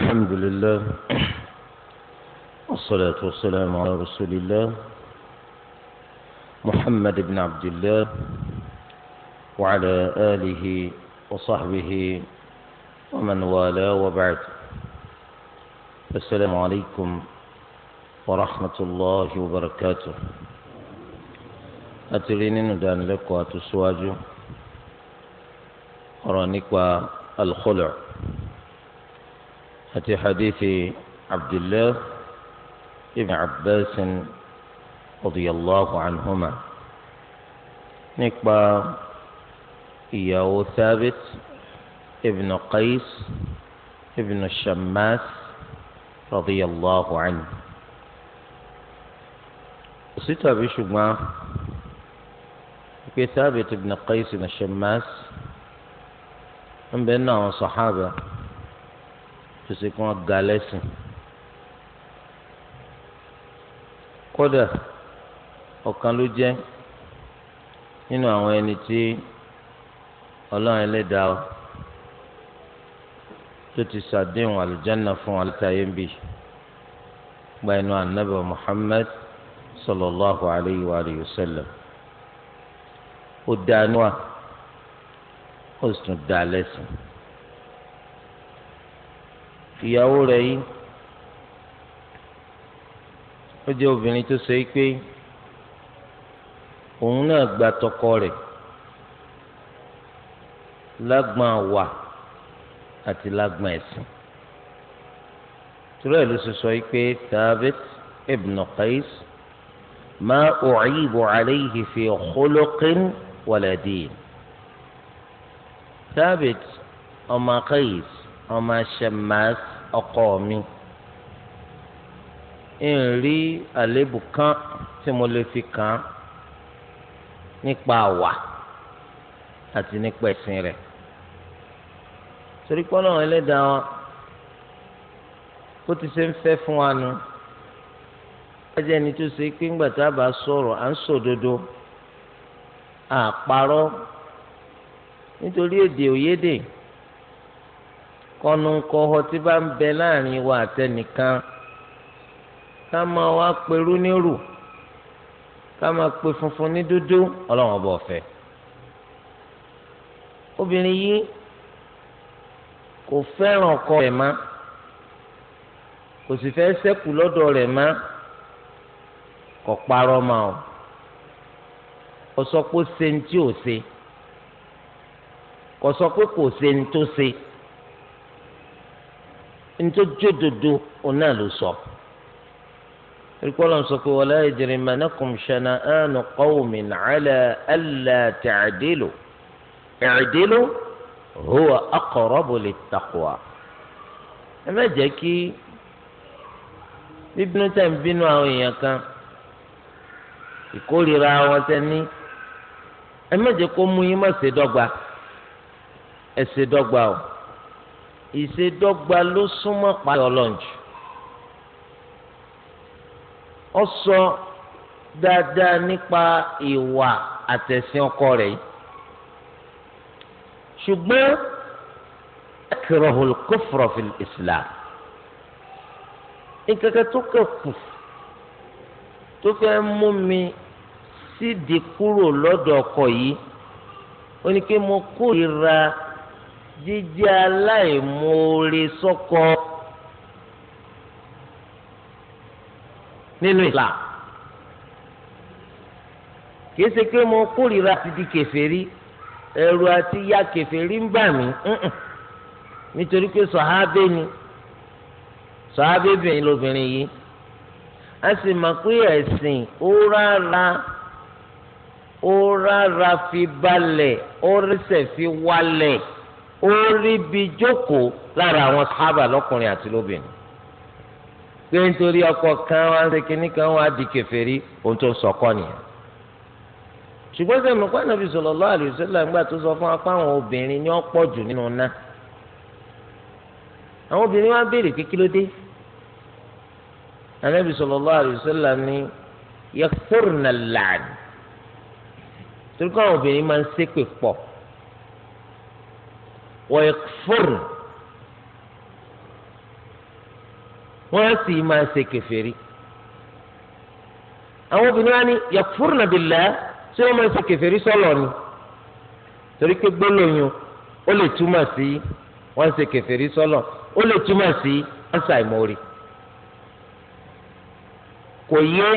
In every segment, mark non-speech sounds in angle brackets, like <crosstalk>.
الحمد لله والصلاة والسلام على رسول الله محمد بن عبد الله وعلى آله وصحبه ومن والاه وبعد السلام عليكم ورحمة الله وبركاته أتريني ندان لك وأتسواجه ورانك الخلع في حديث عبد الله ابن عباس رضي الله عنهما نكبا إياه ثابت ابن قيس ابن الشماس رضي الله عنه ستة بشما في ثابت ابن قيس بن الشماس من بينهم صحابه tó ṣe kí wọ́n ga lẹ́sìn kódà ọ̀kan ló jẹ́ nínú àwọn ẹni tí ọlọ́run ẹlẹ́dàá ọ tó ti ṣàdéhùn àlùjáná fún alítayé ń bì gba inú ànábì Muhammad sallallahu alayhi wa alihi wa sallam ó dá níwà ó sì tún dá lẹ́sìn ìyàwó rẹ̀ yìí ó jẹ́ obìnrin tó ṣe é pé òun náà gba tọkọ rẹ̀ lágbọn àwà àti lágbọn ẹ̀sìn turẹ̀ ló ṣe sọ yìí pé Thabit ibn Qais ma u'ibu alayhi fi khuluqin wala din ọmọ Qais ọmọ Shammas ọkọ mi ń rí àléébù kan tí mo lè fi kàn án nípa àwà àti nípa ẹ̀sìn rẹ̀ torí pọ́nà ẹlẹ́dàá wa bó ti ṣe ń fẹ́ fún wa nu ajẹ́ ẹni tó ṣe pé ńgbà tá a bá sọ̀rọ̀ à ń sòdodo àparọ́ nítorí èdè òyédè kọnùkọhọ tí bá ń bẹ láàrin wa àtẹnìkan ká máa wá perú nírù ká máa pe funfun ní dúdú ọlọ́run ọba ọ̀fẹ́ obìnrin yìí kò fẹ́ràn ọkọ rẹ̀ má kò sì fẹ́ ṣẹ́kù lọ́dọ̀ rẹ̀ má kò parọ́ ma o kò sọ pé ṣe ní tí ò ṣe kò sọ pé kò ṣe ní tó ṣe ntójódodo òun náà ló sọ erikọlọn sọ pé wala yajrimannakum shana'anu qawmin ala alla ta'dilu i'dilu huwa aqrabu lit-taqwa ẹ má jẹ́ kí bíbínú tẹ̀ ń bínú àwọn èèyàn kan ìkórìíra wọn tẹ ẹ má jẹ́ kó mú yín má ṣe dọ́gba ẹ ṣe dọ́gba o ìṣèdọ́gba ló súnmọ́ pààyà ọlọ́njù ó sọ dáadáa nípa ìwà àtẹ̀sìn ọkọ rẹ̀ yìí ṣùgbọ́n akrahul kufra fil islam nkankan tó kẹ kù tó fẹ́ mú mi sídìí kúrò lọ́dọ̀ ọkọ yìí ó ní kí mo kórìíra jíjẹ́ aláìmoore sọ́kọ nínú Islam kìí ṣe pé mo kórìíra ti di kèfèrí ẹrù àti ya kèfèrí ń bà mí nítorí pé sọ̀hábẹ́ ni sọ̀hábẹ́bìnrin lobìnrin yìí a sì mọ̀ pé ẹ̀sìn ó rárá ó rárá fi balẹ̀ ó rẹsẹ̀ fi wálẹ̀ ó rí bi jókòó lára àwọn sábà lọ́kùnrin àti lóbìnrin pé nítorí ọkọ kan wá ń ṣe kínní kan wá di kèfèrí ohun tó ń sọkọ nìyẹn ṣùgbọ́n sẹ́mi kó ànábì sallallahu alaihi wasallam ńgbà tó sọ fún apá àwọn obìnrin ni wọ́n pọ̀ jù nínú ná àwọn obìnrin wá béèrè pé kí ló dé ànábì sallallahu alaihi wasallam ní yakfurna al-la'n torí kó àwọn obìnrin máa ń ṣépè pọ̀ wọ́yẹ̀kfọ́rù wọ́n sì máa ṣe kẹfẹ́rí àwọn obìnrin wa ni yẹ̀kfọ́rù nàbí lẹ́ ṣé wọ́n máa ṣe kẹfẹ́rí sọ́lọ̀ ni torí pé gbólóyún ó lè túmọ̀ sí wọ́n ṣe kẹfẹ́rí sọ́lọ̀ ó lè túmọ̀ sí wọ́n ṣàìmọ́rí kò yé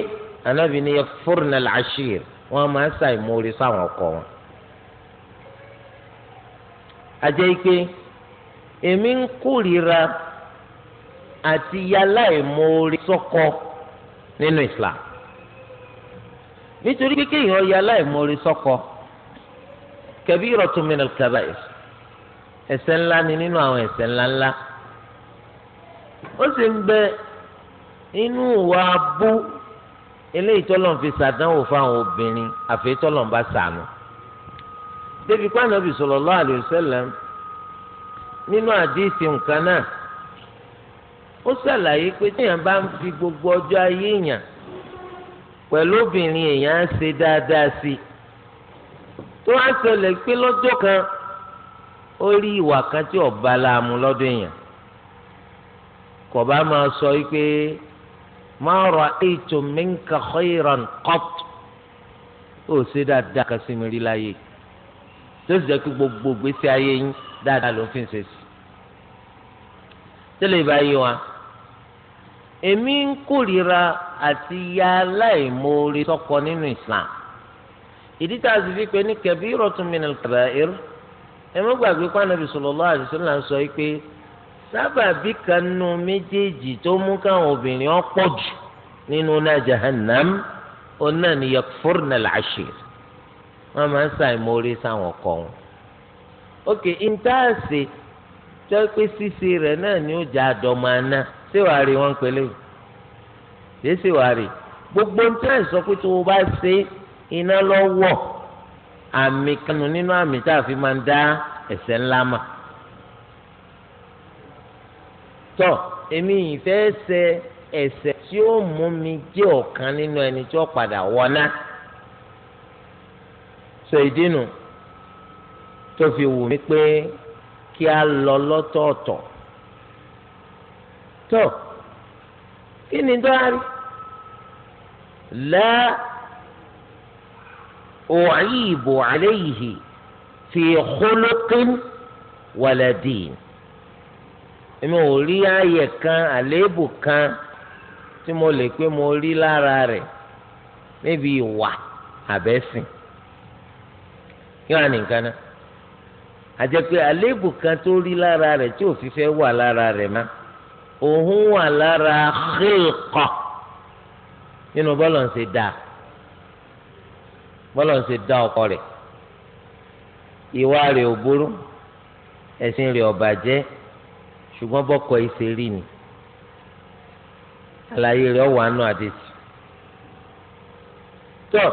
anabi ni yẹ̀kfọ́rù nàlàṣìírí wọ́n máa ṣàìmọ́rí sáwọn ọkọ wọn àjẹ́ ike èmi ń kórìíra àti yálà ìmoore sọ́kọ nínú Islam nítorí pé kéèyàn yálà ìmoore sọ́kọ kabiratun minal kaba'ir ẹ̀ṣẹ̀ ńlá ni nínú àwọn ẹ̀ṣẹ̀ ńlá ńlá ó sì ń bẹ inú wa bú eléyìí tọ́lọ̀ fi ṣàdánwò fáwọn obìnrin àfi ń bá ṣàánú débi pé ànábì sallallahu alayhi wa sallam nínú àdìsí nǹkan náà ó ṣàlàyé pé téèyàn bá ń fi gbogbo ọjọ́ ayé èèyàn pẹ̀lú obìnrin èèyàn á ṣe dáadáa sí i tó wá ṣẹlẹ̀ pé lọ́jọ́ kan ó rí ìwà kan tí ọba láàmú lọ́dọ̀ èèyàn kò bá máa sọ pé ma ra'aytu minka khayran qat ó ṣe dáadáa kan sí mi rí láyé tó sì jẹ́ kí gbogbo gbèsè ayé yín dáadáa ló fi ń ṣe sí. tẹ́lẹ̀ ìbáyé wa èmi ń kórìíra àti ya aláìmoore sọ́kọ nínú Islam ìdí tá a sì fi pé ní kabiratun minal kaba'ir ẹ má gbàgbé pé Ànábì sallallahu alaihi wasallam sọ pé sábàbí kan nu méjèèjì tó mú káwọn obìnrin ọ̀pọ̀ jù nínú náà jahannam ọ̀nà ni yakfurnal ashir wọ́n máa ń ṣàìmórí sáwọn ọkọ wọn. ok intaasi tó pé ṣíṣe rẹ̀ náà ni ó jẹ́ àdọ́mọ aná síwárí wọn pẹ̀lú yìí síwárí gbogbo ń tẹ́ sọ tí o bá ṣe iná lọ́wọ́ àmì kanu nínú àmì tá a fi máa ń dá ẹ̀ṣẹ̀ ńlá mà. tọ èmi yìí fẹ́ ṣe ẹ̀ṣẹ̀ tí ó mú mi jẹ́ ọ̀kan nínú ẹni tí ó padà wọ́ná sọ ìdínú tó fi wù mí pé kí a lọ lọ́tọ̀ọ̀tọ̀ tó kí ni dárí la u'ibu alayhi fi khuluqin wala din èmi ò rí ààyè kan àléébù kan tí mo lè pé mo rí lára rẹ̀ níbi ìwà àbẹ́sìn yóò hàn nìkan náà àjẹ pé àléébù kan tó rí lára rẹ̀ tí òfin fẹ́ wà lára rẹ̀ má òun wà lára xèèkọ nínú bọ́lọ̀ ń ṣe dáa bọ́lọ̀ ń ṣe dá ọkọ rẹ̀ ìwà rẹ̀ ò burú ẹ̀sìn rẹ̀ ò bàjẹ́ ṣùgbọ́n bọ́kọ ìṣe rí ni àlàyé rẹ̀ ọ̀wà nù àdéhùn tó.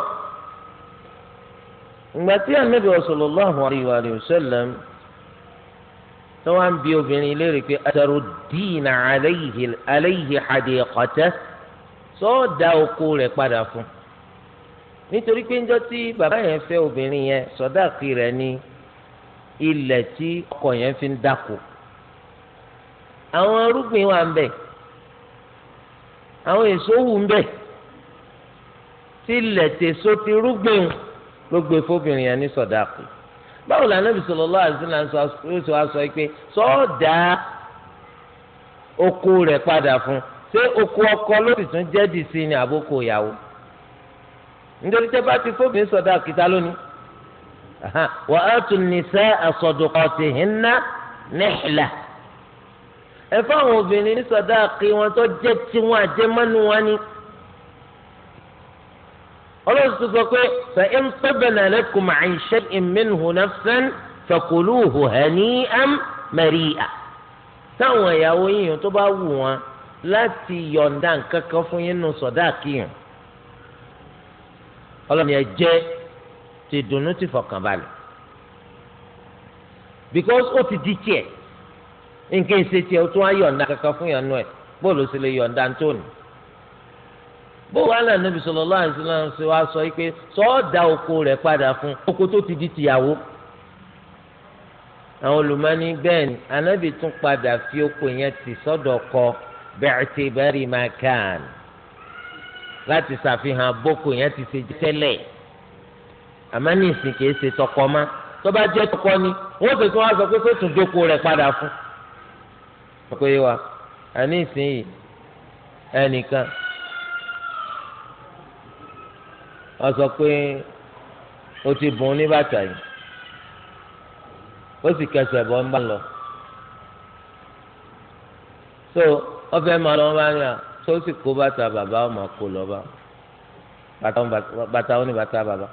ìgbà tí anabi sallallahu alayhi wa sallam tó wá ń bi lere pe pé ataruddina alayhi hadiqata sọ́ọ́ da oko rẹ̀ padà fún nítorí pé njọ́ tí bàbá yẹn fẹ́ obìnrin yẹn sọ́dáàkì rẹ̀ ní ilẹ̀ tí ọkọ yẹn fi ń dáko àwọn irúgbìn wà ń bẹ àwọn èso wù ń bẹ tí ilẹ̀ tèso ti rúgbìn ló gbé fóbìnrin yẹn ní sọdáàkì báwo la Ànábì sallallahu alaihi wasallam sọ aṣọ pé sọọdà oko rẹ padà fún ṣé oko ọkọ ló sì tún ni àbókò ìyàwó nítorí tẹ́ bá ti fóbìnrin sọdáàkì ta lónìí wa atu nisaa sadaqatihinna nihla ẹ fáwọn obìnrin ní sọdáàkì wọn tó jẹ́ tiwọn àjẹmọ́nu wọn ni. ọlọ́run ti sọ pé fa in tabana lakum an shay'in minhu nafsan fakuluhu hani'an mari'a táwọn ìyàwó yìnyín tó bá wù wọn láti yọ̀ǹda nǹkan kan fún yín nù sọ̀dá kíyàn ọlọ́run yẹn jẹ́ ti dùnú ti fọkànbalẹ̀ because ó ti di tiẹ̀ nǹkan ìṣe tiẹ̀ ó tún á yọ̀ǹda kankan fún yàn nù ẹ̀ bóòlù sì lè yọ̀ǹda tóní bó wàá là níbi sọlọ lọ àti sọlọ ṣe wá sọ pé sọ da oko rẹ̀ padà fún oko tó ti di tìyàwó àwọn olùmọ́ni bẹ́ẹ̀ ni anábì tún padà fi oko yẹn ti sọ́dọ̀ kọ bẹ́ẹ̀tì bẹ́ẹ̀rì máa kàn láti ṣàfihàn boko yẹn ti ṣe tẹ́lẹ̀ àmọ́ ní ìsìn kìí ṣe tọkọ mọ́ tó bá jẹ́ tọkọ ni wọ́n tó tún wá sọ pé kó tún dóko rẹ̀ padà fún. ọkọ yìí wa àní ìsìn yìí ẹnìkan. wọ́n sọ pé o ti bùn ní bàtà yìí ó sì kẹsẹ̀ bọ́ ń bá lọ so wọ́n fẹ́ máa lọ wọ́n bá ní à tó sì kó bàtà bàbá wọn máa kó lọ bá bàtà wọn ni bàtà bàbá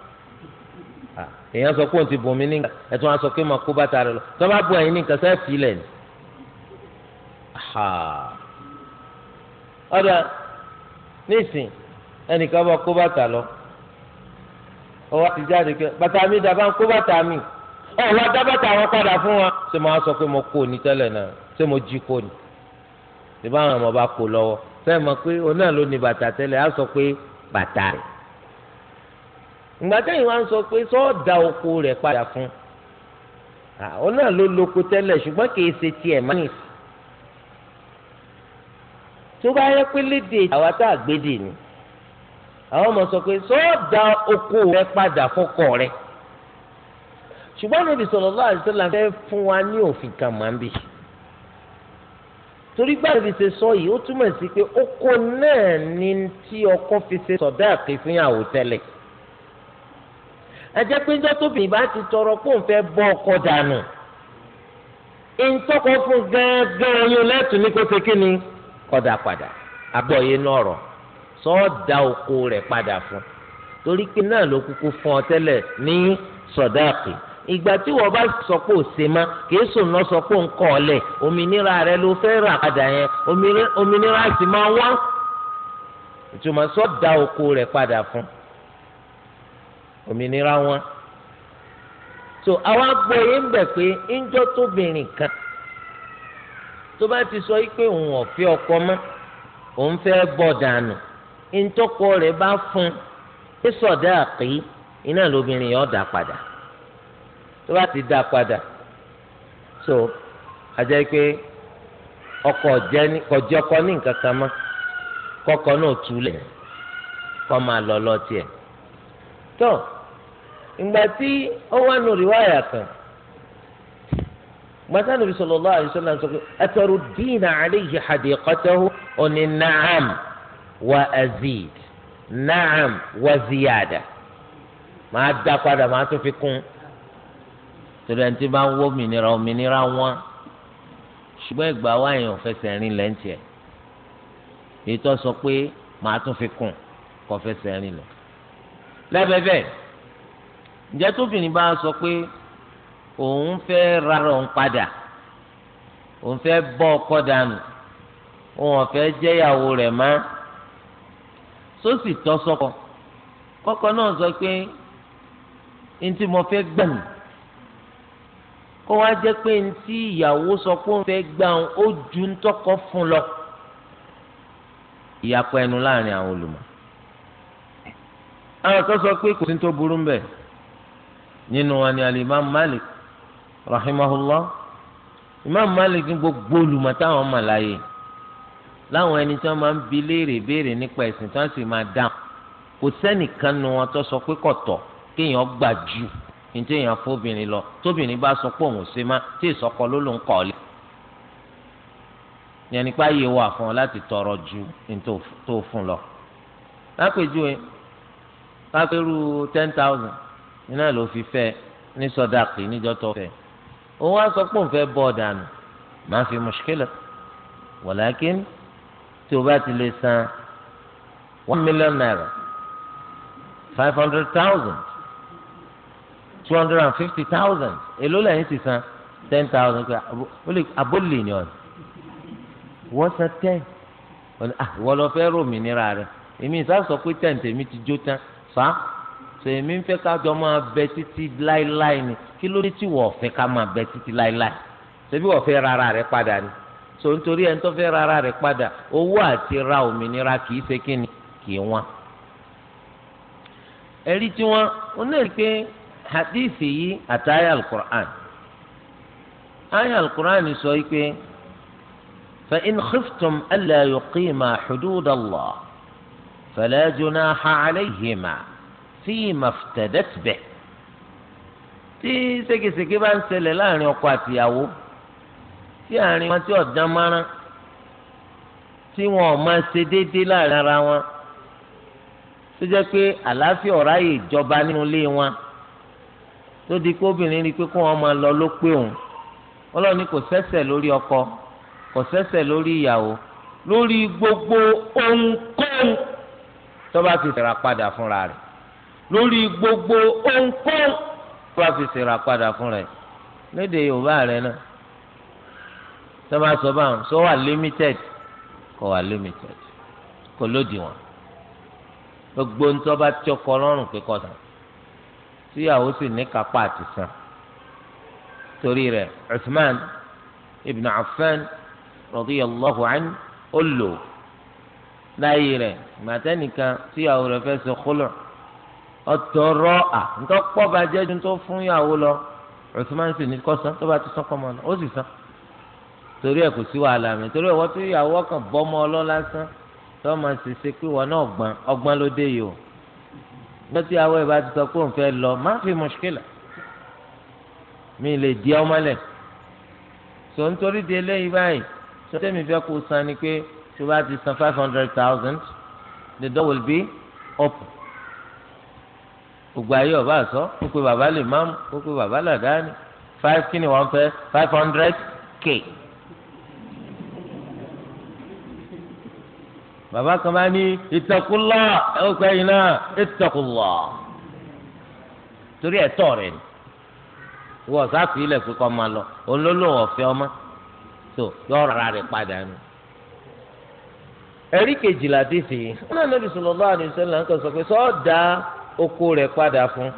èèyàn sọ pé òun ti bùn mí ní ẹ̀tún wọn sọ pé máa kó bàtà rẹ lọ tó bá bùn ẹ̀yìn ní sẹ́ẹ̀ fílẹ̀ ni ọ̀dà nísìn ẹnìkan bá kó bàtà lọ ọwọ́ ti jáde kẹ bàtà mi dàbá ń kó bàtà mi ọ̀ wá dá bàtà wọn padà fún wa ṣé mo á sọ pé mo kó ni tẹ́lẹ̀ náà ṣé mo jí kó ni ṣé báwọn ọmọ bá kó lọ́wọ́ sẹ́yìn mọ̀ pé òun náà ló ní bàtà tẹ́lẹ̀ á sọ pé bàtà rẹ̀ ìgbà tẹ́yìn wá ń sọ pé sọ́ọ̀dà oko rẹ̀ padà fún òun náà ló loko tẹ́lẹ̀ ṣùgbọ́n kì í ṣe tiẹ̀ má nìyí tó bá yẹ pé léde àwa tá a ni àwọn ọmọ sọ pé sọ́ọ̀dà oko rẹ padà fọkọ rẹ ṣùgbọ́n níbi sallallahu alaihi wasallam fẹ́ fún wa ní òfin kan máa ń bì torí gbàgbé fi ṣe sọ yìí ó túmọ̀ sí pé oko náà ni tí ọkọ fi ṣe sọ̀dá àké fún ìyàwó tẹ́lẹ̀ ẹ jẹ́ pé njọ́ tóbi ìbá ti tọrọ pé òun fẹ́ bọ́ ọkọ dànù ìtọ́kọ fún gángan oyún lẹ́tùn ní kó ṣe kí ni kọ́dà padà àbọ̀yé náà rọ̀ sọ́ọ̀dà oko rẹ̀ padà fún torí pé náà ló kúkú fún ọ tẹ́lẹ̀ ní sọ̀dáàkì ìgbà tí wọ́n bá sọ pé ò ṣe má kìí sùn lọ sọ pé ò ń kọ́ ọ lẹ̀ òmìnira rẹ ló fẹ́ rà padà yẹn òmìnira sì máa wá ìtumọ̀ sọ́ọ̀dà oko rẹ̀ padà fún òmìnira wọn so àwọn agbóye ń bẹ̀ pé ńjọ́ tóbìnrin kan tó bá ti sọ pé òun ò fẹ́ ọkọ mọ́ òun fẹ́ gbọ́ dànù ntọ́kọ rẹ̀ bá fún ìsọ̀dá àkì iná lóbìnrin yẹn ọ̀dà padà tó bá ti dá padà so àjẹ́ pé ọkọ ọkọ ní nǹkan kan mọ́ náà túlẹ̀ kọ́ máa lọ lọ tó ìgbà tí ó wà nù rìwáyà kan gbàtà Nabi sọ pé ní wa azid naam wa ziyada màá dá padà màá tún fi kún torí ẹni tí bá ń wó òmìnira òmìnira wọn ṣùgbọ́n ìgbà wa yẹn ò fẹsẹ̀ rìn lẹ́ńtìẹ̀ èyí tó sọ pé màá tún fi kún kò rìn lọ. lẹ́bẹ̀bẹ̀ ǹjẹ́ tóbìnrin bá sọ pé òun fẹ́ rárọ̀ ń padà òun fẹ́ bọ́ ọkọ dànù òun ò jẹ́yàwó rẹ̀ máa sósì tọ́ sọ́kọ kọ́kọ́ náà sọ pé ntí mo fẹ́ gbẹ̀m kó wá jẹ́ pé ntí ìyàwó sọ pé òun fẹ́ gbà ń ó ju ntọ́kọ fún lọ ìyàpọ̀ ẹnu láàrin àwọn olùmọ̀ àwọn kan sọ pé kò sí tó burú mbẹ nínú wa ni alimam Malik rahimahullah imam Malik ní gbogbo olùmọ̀ táwọn mọ̀ láyé láwọn ẹni tí wọ́n máa ń bi léèrè béèrè nípa ẹ̀sìn tí wọ́n sì máa dáhùn kò sẹ́nìkan nu wọn tó sọ pé kọ̀tọ̀ kéèyàn gbà ju ní téèyàn fóbìnrin lọ tóbìnrin bá sọ pé òun ṣe má tí ìsọkọ ló ló ń kọ̀ lé yẹn nípa yìí wà fún ọ láti tọrọ ju ní tó fún lọ lápèjúwe lápẹrú ten thousand iná ló fi fẹ́ ní sọdáàkì níjọ́ tó fẹ́ òun á sọ pé òun fẹ́ bọ́ ọ̀dà nù máa fi mùṣkílà wàlákìn tí o bá ti lè san one million naira five hundred thousand two hundred and fifty thousand èló lẹ́yìn ti san ten thousand abólè ni ọ̀nà wọ́n san ten ọ̀nà wọ́n lọ ah, fẹ́ rò mí nira rẹ̀ èmi ìsá sọ pé ten tèmi ti jó tán fa sọ èmi ń fẹ́ ká jọ máa bẹ títí láéláé ni kí ló dé tí wọ́n fẹ́ ká máa bẹ títí láéláé ṣebí wọ́n fẹ́ rárá rẹ̀ padà ni so nítorí ẹni tó fẹ́ ra ara rẹ̀ padà owó àti ra òmìnira kì í ṣe kíni kì í wọ́n. ẹ̀rí tí wọ́n ó náà rí pé hadithi yìí àti aya alukur'an aya alukur'an sọ yìí pé fa in khiftum alla yuqima hudud Allah fala junaha alayhima fima tí ségesège bá ń ṣẹlẹ̀ láàrin ọkọ àtìyàwó tí àárín wọn tí ọ̀dán márán tí wọn ò máa ṣe déédéé láàrin ara wọn tó jẹ́ pé àlàáfíà ọ̀rá yìí jọba nínú ilé wọn tó di pé obìnrin rí i pé kó wọn máa lọ ló pé òun ọlọ́ọ̀ni kò sẹ́sẹ̀ lórí ọkọ kò sẹ́sẹ̀ lórí ìyàwó lórí gbogbo ohunkóhun tó bá fi ṣèrà padà fúnra rẹ̀ lórí gbogbo ohunkóhun tó bá fi padà fúnra rẹ̀ lédè Yorùbá rẹ̀ náà sọ́ba sọ́ba àwọn sọ wà limited kò wà limited kò lòdì wọn gbogbo ń tọ́ba tí ọkọ lọ́rùn pé kọ́ sàn tíyàwó sì ní kápá àti sàn torí rẹ̀ Uthman ibn Affan radiyallahu anhu ó lò láyé rẹ̀ gbàtẹ́nìkan tíyàwó rẹ̀ fẹ́ sọ kúlọ̀ ọ̀tọ̀rọ̀ à ńtọ́ pọ̀ bàjẹ́ ju tó fún yàwó lọ Uthman sì ní kọ́ sàn tó ti sàn kọ́ mọ́ ọ ó sì sàn torí ẹ̀ kò sí wàhálà mi torí ẹ̀wọ́ tó yàwó kan bọ́mọ ọlọ́lá sán tó máa ṣe ṣe pé wọn náà gbọ́n ọgbọ́n ló dé yìí o gbọ́n tí àwọn ìbá ti sọ pé òun fẹ́ lọ má fi mọ̀ṣíkìlà mi lè di ọmọ lẹ̀ tó ń torí di eléyìí báyìí tó tẹ́mi fẹ́ kó san ni pé tó bá ti san five hundred thousand the door will be open gbogbo ayé ọba àsọ ó pe bàbá lè máàmù ó pe bàbá làdáni five kí ni wọ́n fẹ́ five hundred k. bàbá kan bá ní ìtàkùlá ẹ ó pẹ́ yìí náà ìtàkùlá torí ẹ̀tọ́ rẹ̀ ni wọ́n sáfì ilẹ̀ pé kọ́ máa lọ olólùwọ̀n ọ̀fẹ́ ọmọ tó yọ ọ̀rọ̀ rẹ̀ padà ni. ẹ̀rí kejìlá dìsì ọ̀nà nàbì sallallahu alaihi wasallam kan sọ pé sọ́ọ̀dà oko rẹ̀ padà fún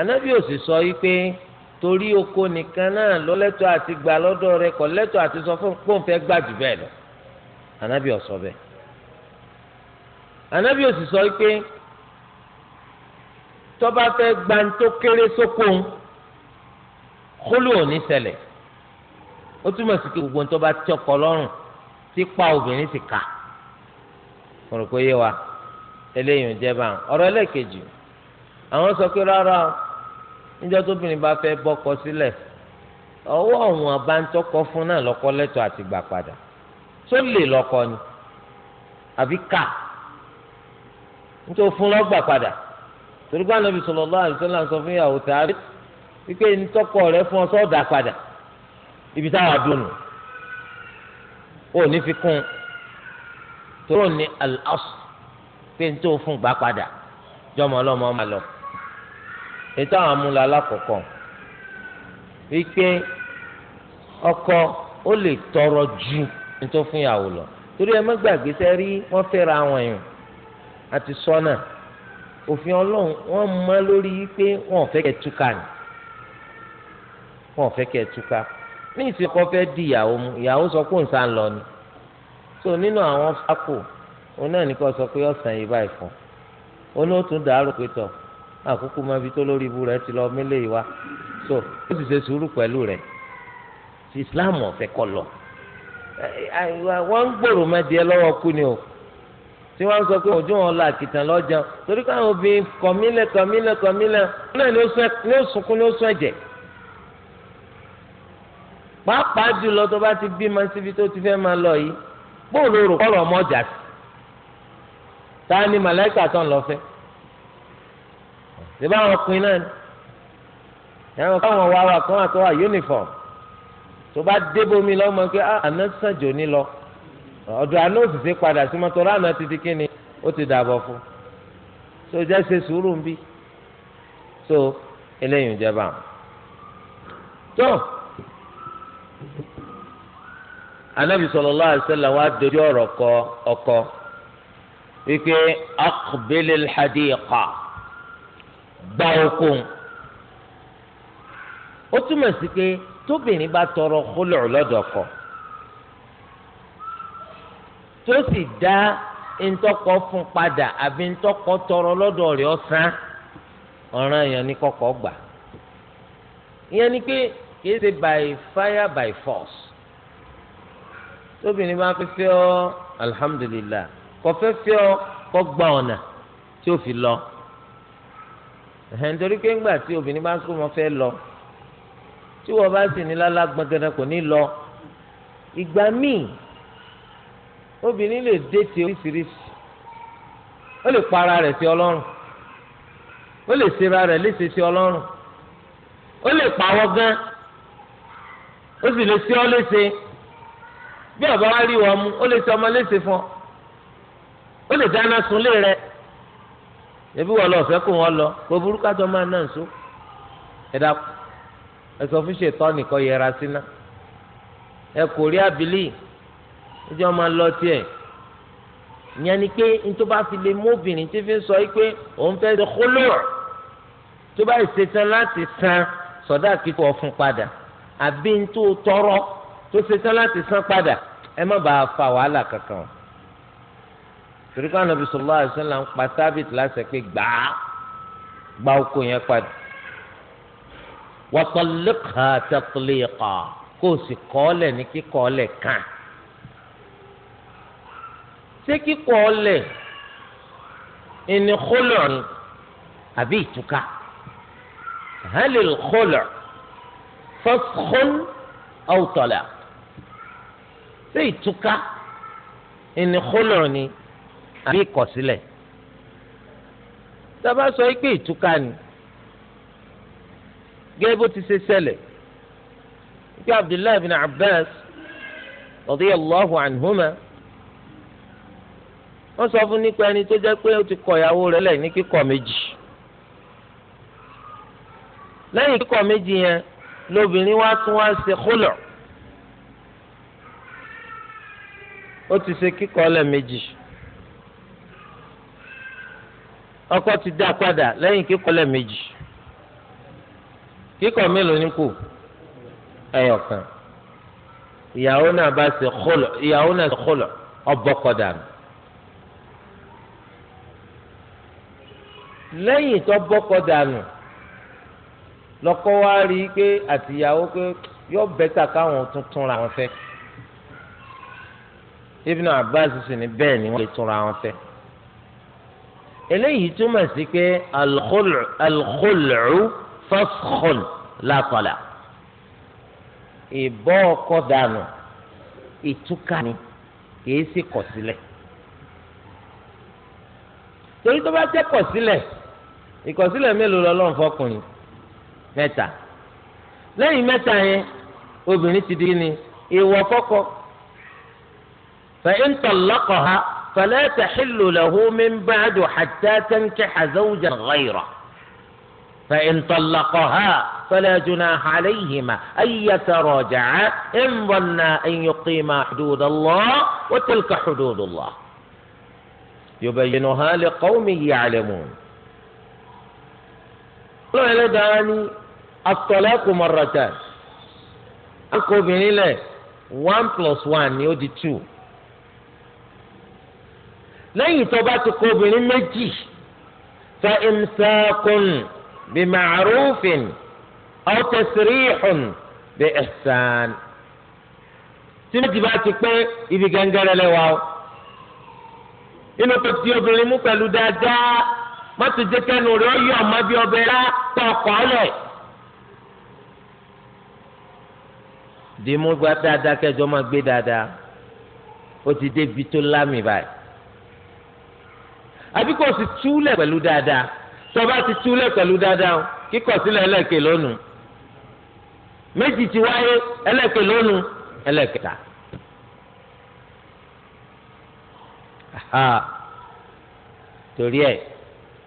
anábì ò sì sọ yìí pé torí oko nìkan náà lọ́lẹ́tọ̀ àti gbà lọ́dọ̀ rẹ̀ kọ́ lẹ́tọ̀ àti sọ fún pọ́ńfẹ́ gbàjú bẹ́ẹ̀ lọ anábì ò bẹ́ẹ̀ ànábì ò sì sọ pé tọ́ba fẹ́ gbantó kéré sóko ń kólú ò ní ṣẹlẹ̀ ó túmọ̀ sí pé gbogbo tọ́ba tí ọkọ lọ́rùn tí pa obìnrin sì kà mo rò pé yé wa eléyìí ń jẹ́ bá wọn ọ̀rọ̀ ẹlẹ́ẹ̀kejì àwọn sọ pé rárá níjọ́ tóbìnrin bá fẹ́ bọ́kọ sílẹ̀ ọwọ́ ọ̀hún abáńtọ́kọ fún náà lọ́kọ lẹ́tọ̀ọ́ àti gbà tó lè lọ́kọ ni àbí kà nítorí fún lọ́gbà padà torí pé ànábì sallallahu alaihi wasallam sọ fún ìyàwó tààrí wípé ntọ́kọ rẹ fún ọ sọ́ọ̀dà padà ibi táwa dùn ò ní fi kún tóró ní al-asl pé ntọ́ fún gbà padà jọmọ ọlọmọ ọmọ lọ ètò àwọn amúlò alákọ̀ọ́kọ́ wípé ọkọ ó lè tọrọ ju ntọ́ fún ìyàwó lọ torí ẹ má gbàgbé sẹ́rí wọ́n fẹ́ra wọn yìí àti sọ́nà òfin ọlọ́run wọ́n mọ lórí pé wọ́n fẹ́ kẹ́ túká ni wọ́n fẹ́ kẹ́ túká ní ìsìnkọ́ fẹ́ di ìyàwó mu ìyàwó sọ pé òǹsà ń lọ ni so nínú àwọn fáko òun náà ní kó sọ pé ọ̀sán yìí báyìí fún un ó tún dàárò pé tọ̀ àkókò máa fi tó lórí ibu rẹ̀ ti lọ mílẹ̀ ìwá so ó sì ṣe sùúrù pẹ̀lú rẹ̀ Islam ọ̀fẹ́ kọ lọ wọ́n ń gbòòrò mẹ́díẹ́ lọ́wọ́ kú ni o tí wọ́n sọ pé ojú wọn lọ àkìtàn lọ́jọ́ torí káwọn obìnrin kọ̀mílẹ̀ kọ̀mílẹ̀ kọ̀mílẹ̀ náà ni ó sunkún ni ó sún ẹ̀jẹ̀ pàápàá jùlọ tó bá ti bímọ síbi tó ti fẹ́ máa lọ yìí bóòlù rò kọ́lọ̀ ọmọ ọjà sí ta ni màláìkà tán lọ fẹ́ ṣèbá àwọn ọkùnrin náà ni àwọn káwọn wá wà kán àtọwà uniform tó bá débomi lọ́mọ pé ah, àná sàjò ní lọ ọ̀dọ̀ àná òṣìṣẹ́ padà sí mọ́tò ránà títí kíni ó ti dàbọ̀ fún so jẹ́ ṣe sùúrù ń bí so eléyìí ń jẹba tó anabi sallallahu alaihi wasallam wa dojú ọ̀rọ̀ kọ ọkọ wípé aqbilil hadiqa gbá okun ó túmọ̀ sí pé tóbìnrin bá tọrọ kólọ̀ lọ́dọ̀ kan tó sì dá ntọ́kọ fún padà àbí ntọ́kọ tọrọ lọ́dọ̀ rẹ̀ ọ̀sán ọ̀ràn yẹn ní kọ́kọ́ gbà ìyẹn ni pé kì í ṣe by fire by force tóbìnrin bá fi fẹ́ ọ alihamudulilayi kò fẹ́ fẹ́ ọ kò gba ọ̀nà tí ó fi lọ ẹ̀hẹ́n torí pé ńgbà tí obìnrin bá sọ wọn fẹ́ lọ tí wọ́n bá sì ní lálá gbọ̀ngàn kò ní lọ ìgbà míì obìnrin lè déètì oríṣiríṣi ó lè para rẹ̀ sí ọlọ́run ó lè ṣera rẹ̀ léṣe sí ọlọ́run ó lè pawọ́ gan ó sì lè ṣe ọ́ léṣe bí ọba wa rí wọn mú ó lè ṣe ọmọ léṣe fún ọ ó lè dáná sunlé rẹ ẹbí wọn lọ fẹ́ kó wọn lọ gbogbo burúkú àjọ máa náà nsó ẹ̀dá ẹ̀sọ́ fún ṣètọ́ nìkan yẹra síná ẹ kò rí abilí níjẹ́ wọn máa lọ tiẹ̀ ìyẹn ni pé nítorí bá fi lè mú obìnrin tí fi ń sọ yìí pé òun fẹ́ ṣe kólóòrò tó bá ṣe tán láti san sọ̀dá kíkọ́ fún padà àbí nítorí tọrọ tó ṣe tán láti san padà ẹ má bàa fa wàhálà kankan torí ká nàbì ń pa sábìtì láṣẹ pé gbàá gba oko yẹn padà wa talliqha tatliqa kó o sì kọ́ ọ lẹ̀ ní kíkọ́ ọ lẹ̀ kàn ṣé kíkọ̀ ọlẹ̀ ẹni kólọ̀ ni àbí ìtúká hàlẹ́ kólọ̀ fọ́sọ́n ọ̀tọ̀là ṣé ìtúká ẹni kólọ̀ ni àbí ìkọ̀sílẹ̀ tá a bá sọ pé ìtúká ni gẹ́gẹ́ bó ti ṣe ṣẹlẹ̀ bí Abdullahi bin Abbas radiyallahu anhuma wọ́n sọ fún nípa ẹni tó jẹ́ pé ó ti kọ ìyàwó rẹ̀ lẹ̀ ní kíkọ̀ méjì lẹ́yìn kíkọ̀ méjì yẹn lóbìnrin wá tún wá ṣe kólọ̀ ó ti ṣe kíkọ̀ lẹ̀ méjì ọkọ ti dá padà lẹ́yìn kíkọ̀ lẹ̀ méjì kíkọ̀ mélòó ní kù ẹyọ̀kan ìyàwó náà bá ṣe kólọ̀ ìyàwó náà ṣe kólọ̀ ọbọ̀kọ̀ dànù. lẹ́yìn tó bọ́kọ dànù lọ́kọ wá rí i pé àtìyàwó pé yóò bẹ́tà káwọn tún túnra wọn fẹ́ Ibn Abbas sì ní bẹ́ẹ̀ ni wọ́n lè túnra wọn fẹ́ eléyìí túmọ̀ sí pé alkhul'u faskhul la tala ọkọ dànù ìtúkà ni kìí sì kọ̀ sílẹ̀ torí tó bá jẹ́ kọ̀ sílẹ̀ ìkọ̀sílẹ̀ mélòó lọ́lọ́run fọkùnrin mẹ́ta lẹ́yìn mẹ́ta yẹn obìnrin ti di ni ìwọ fọkọ fẹ̀yìn tọ̀lọ́kọ̀ ha fẹ̀lẹ́ tẹ̀ tẹ̀xìlù lẹ́hu mi ń bá àdùn hatta tankiha zawjan ghayra fẹ̀yìn tọ̀lọ́kọ̀ ha fẹ̀lẹ́ dùn junaha alayhima ayé tẹ̀rọ̀ ẹ̀ ń bọ̀ bọ̀nà ẹ̀yìn qima xududallah wọ́n ka tilka xududallah yubayyinuha liqawmi ya'lamun. ọlọ́run ẹlẹ́dàá ni atọ́lẹ́kùn mọ̀rọ̀tà akọ obìnrin lẹ̀ one plus one ni ó di two lẹ́yìn tó bá ti kọ obìnrin méjì fa imsakun bi ma'arufin aw tasrihun bi ihsan tí méjì bá ti pé ibi gẹ́gẹ́rẹ́ lẹ́wà o inú tó ti obìnrin mú pẹ̀lú dáadáa má ti jẹ́ kẹ́nu rẹ̀ ó yọ ọmọ bí ọbẹ̀ rá tọ ọkọ̀ ọlẹ̀. dìímú gba dáadáa kẹjọ máa gbé dáadáa ó ti débi tó lámì báyìí àbí kò sì túlẹ̀ pẹ̀lú dáadáa tó bá ti túlẹ̀ pẹ̀lú dáadáa kíkọ̀ sílẹ̀ ẹlẹ́kẹ̀ lónìí méjì ti wáyé ẹlẹ́kẹ̀ lónìí ẹlẹ́kẹta. torí ẹ̀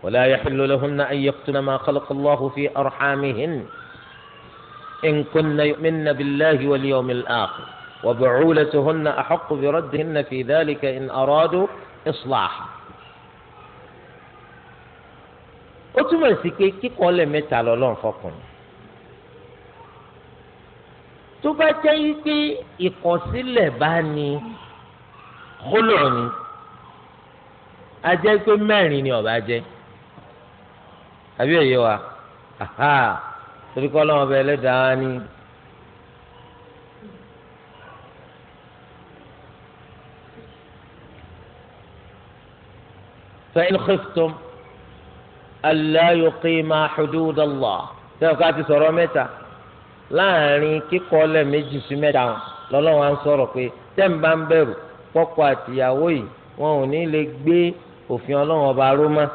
ولا يحل لهن أن يقتن ما خلق الله في أرحامهن إن كن يؤمن بالله واليوم الآخر وبعولتهن أحق بردهن في ذلك إن أرادوا إصلاحا ó túmọ̀ sí pé kíkọ́ lẹ̀ mẹ́ta lọ́lọ́run fọkùnrin tó bá jẹ́ pé ìkọ̀sílẹ̀ bá ní kólọ̀ àbí òye wa torí kọ́ lọ́wọ́ bẹ ẹlẹ́dàá ni. فإن خفتم ألا يقيما حدود الله sẹ́wọ́n ká ti sọ̀rọ̀ mẹ́ta láàrin kíkọ́ lẹ̀ méjì sí mẹ́ta lọ́lọ́wọ́ à ń sọ̀rọ̀ pé tẹ́ǹ bá ń bẹ̀rù pọ́kọ àtìyàwó yìí wọn ò ní lè gbé òfin ọlọ́wọ́n ọba ró mọ́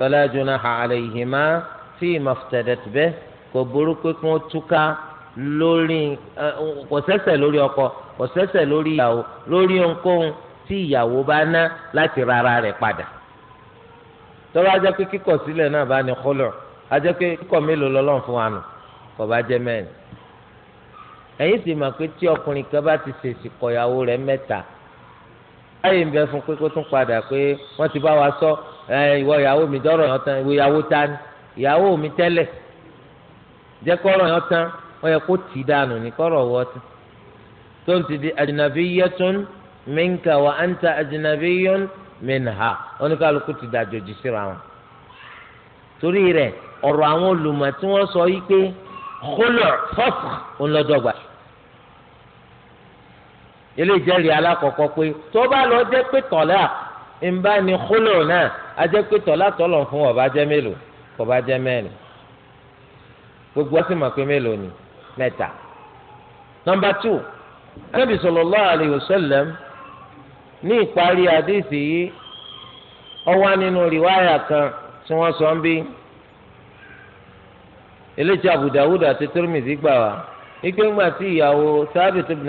fala junaha alayhima fi maftadat bih kò burú pé kí wọ́n túká lórí kò sẹ́sẹ̀ lórí ọkọ kò sẹ́sẹ̀ lórí ìyàwó lórí ohunkóhun tí ìyàwó bá ná láti rárá rẹ̀ padà tọ́lá ajá pé kíkọ̀ sílẹ̀ náà bá ní kọ́lọ̀ ajá pé kíkọ̀ mélòó lọ́lọ́run fún wa nù kò bá jẹ́ mẹ́rin ẹ̀yin sì mọ̀ pé tí ọkùnrin kan bá ti ṣèṣì kọ̀yàwó rẹ̀ mẹ́ta báyìí ń bẹ fún pé kó tún padà pé wọ́n ti bá wa sọ ìwọ ìyàwó mi dọrọ yàn tán ìwọ ìyàwó ta ni ìyàwó mi tẹ́lẹ̀ jẹ́ kọ́rọ̀ yàn tán wọ́n yẹ kó tì í dànù ní kọ́rọ̀ wọ́ tán tó ń ti di ajnabiyyatun minka wa anta ajnabiyyun minha oníkàlùkù ti dàjòjì síra wọn. torí rẹ̀ ọ̀rọ̀ àwọn olùmọ̀ tí wọ́n sọ yìí pé kólọ fọfù ńlọdọgba eléjẹrìí alákọọkọ pé tó bá lọ jẹ́ pé tọlẹ nba ni kólò náà ajẹ́pẹ́tọ̀ látọ̀lọ̀ fún ọba jẹ́ mélòó kọba jẹ́ mẹ́rin gbogbo ọsẹ mọ̀ pé mélòó ni mẹ́ta. nọmba tù anábì sallallahu alayhi wa sallam ní ìparí àdéhìsì yìí ó wà nínú rìwáyà kan tí wọ́n sọ ń bí eléjì Abu àti Tirmidhi gbà wá wípé ńgbà tí ìyàwó Thabit ibn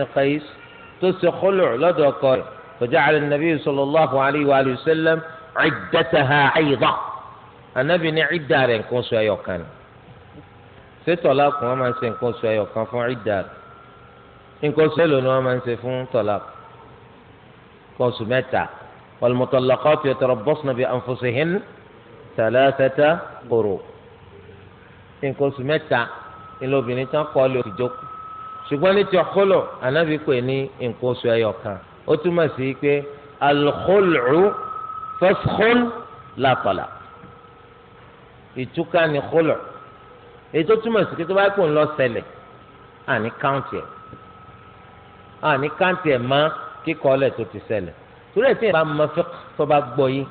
tó ṣe khulu' lọ́dọ̀ ọkọ rẹ̀ فجعل النبي صلى الله عليه وآله وسلم عدتها أيضا النبي نعدة لنكون سوى يوكان سيطلاق وما سنكون سوى يوكان فعدة نكون سيلون وما سنفون طلاق كون سمتا والمطلقات يتربصن بأنفسهن ثلاثة قروء إن oṣù mẹ́ta إن لو tán kọ́ lé òfìjókòó ṣùgbọ́n ní ti ọkọlọ anábì pè ní nǹkan ó túmọ̀ sí pé alkhul'u faskhun la talaq ìtúká ni khul'u èyí tó túmọ̀ sí pé tó bá kò ń lọ ṣẹlẹ̀ àní káùntì ẹ̀ àní káùntì ẹ̀ má kíkọ́ ọ̀lẹ̀ tó ti ṣẹlẹ̀ torí ẹ̀ tí yẹn bá mọ fẹ́ tó bá gbọ́ yìí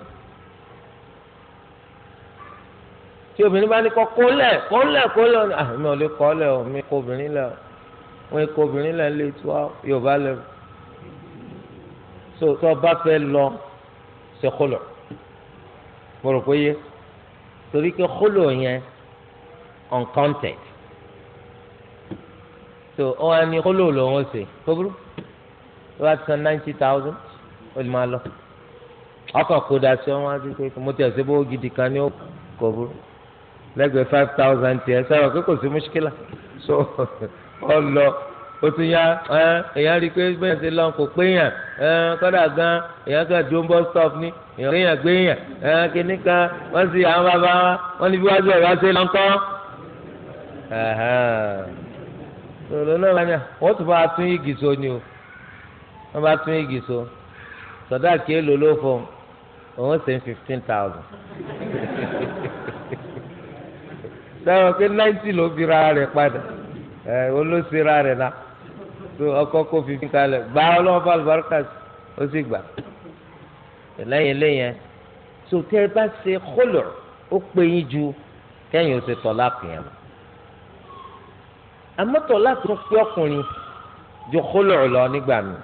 tí obìnrin bá ní kọ́ kólẹ̀ kólẹ̀ kólẹ̀ àmì ah, ò lè kọ́ ọ́lẹ̀ ò kó obìnrin lẹ̀ ò kó obìnrin lẹ̀ lè tú Yorùbá lẹ̀ so tó o bá fẹ́ lọ ṣe kólò mo rò pé yé torí pé kólò yẹn uncounted so ó wá ní kólò lòun ṣe tó burú tó bá ti san ninety thousand ó lè máa lọ ọkọ̀ kó sí wọn wájú pé mo ti ẹ̀sẹ̀ bó gidi kan ní ó kò burú five thousand tiẹ̀ sẹ́wọ̀n pé kò sí mùṣkílà so ọ <laughs> lọ. otu tún yá èèyàn rí i pé bẹ́ẹ̀ ṣe lọ́n kò péyàn kọ́dà gan èèyàn kan jó ń bọ́ stop ní èèyàn kan wọ́n sì àwọn bàbá wa wọ́n ní bí wọ́n ṣe kọ́. náà so ni o wọ́n bá tún igi so sọ̀dá ló òun fifteen thousand. <laughs> pé ninety ló fi ra rẹ̀ padà rẹ̀ náà. tó ọkọ kó fífi kalẹ̀ gba ọlọ́wọ́ bá alùbáríkà ó sì gbà lẹ́yìn lẹ́yìn tó tẹ́ ẹ bá ṣe kólọ̀ ó pé yín ju kẹ́yìn ó ṣe tọ́lá kìíyàn lọ àmọ́ tọ́lá tó pé ọkùnrin ju kólọ̀ lọ nígbà mi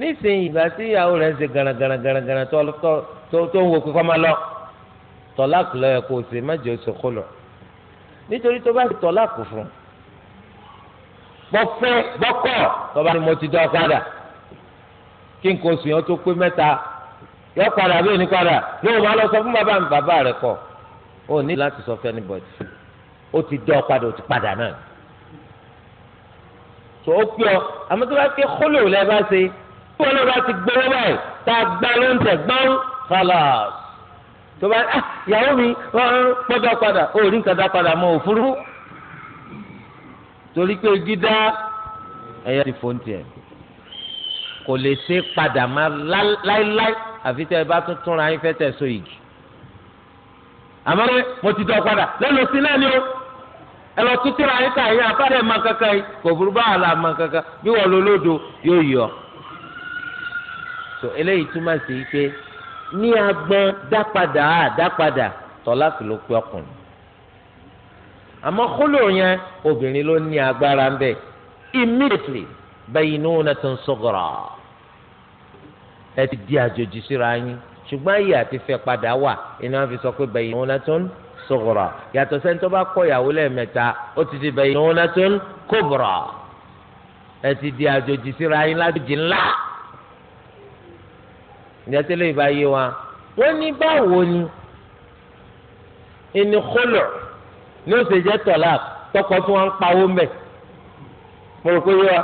nísìnyí ìgbà tí ìyàwó rẹ̀ ń ṣe garagaragaragara tó ń wo kíkọ́ máa lọ tọ́lá kìlọ̀ yẹ kó o ṣe má jẹ́ o ṣe kólọ̀ nítorí tó bá ṣe tọ́lá kù fún un bọ́fẹ́ bọ́kọ̀ tọ́ba ni mo ti dọ́ padà kí nǹkan oṣù yẹn tó pé mẹ́ta yọ padà bí òní padà yóò máa lọ sọ fún bàbá mi bàbá rẹ kọ ó ní láti sọ fẹ́ni bọ̀dì ó ti dọ́ padà ó ti padà náà tó o pè ọ àmọ́ tó bá ké kólò lẹ́ bá ṣe tó wọn náà bá ti gbọ́ báyìí tá a gbá ló ń tẹ̀ gbọ́n kálás tó bá ah, yàwó mi gbọ́dọ̀ padà ó rí nǹkan dá padà mọ́ òfurufú torí pé gídá ẹ̀yà ti fòǹtì ẹ̀ kò lè ṣe padà má láíláí àfi tẹ́ ẹ bá tún túnra yín fẹ́ tẹ̀ so igi àmọ́ pé mo ti dán padà lẹ́nu sí náà ni o ẹ lọ tún tíra yín káyé àbáde ẹ̀ máa kankan yìí kò burú báwa la máa kankan bí wọ́n lo lódo yóò yọ. tó eléyìí túmọ̀ sí pé ní agbọ́n dápadà á dápadà tọ́lá sì ló pé ọkùnrin àmọ́ kóló yẹn obìnrin ló ní agbára ń bẹ̀ immediately baynunatun sughra ẹ ti di àjòjì síra yín ṣùgbọ́n ayé àti fẹ́ padà wà iná fi sọ pé baynunatun sughra yàtọ̀ sẹ́ni tó bá kọ ìyàwó lẹ́ẹ̀mẹ́ta ó ti di baynunatun kubra ẹ ti di àjòjì síra yín lájòjì ńlá ìdátẹ́lẹ̀ ìbáyé wa wọ́n ní báwo ni ẹni kóló ní ó sì jẹ́ tọ̀lá tọkọ tí wọ́n ń pawó mbẹ̀ mo rò pé yíwa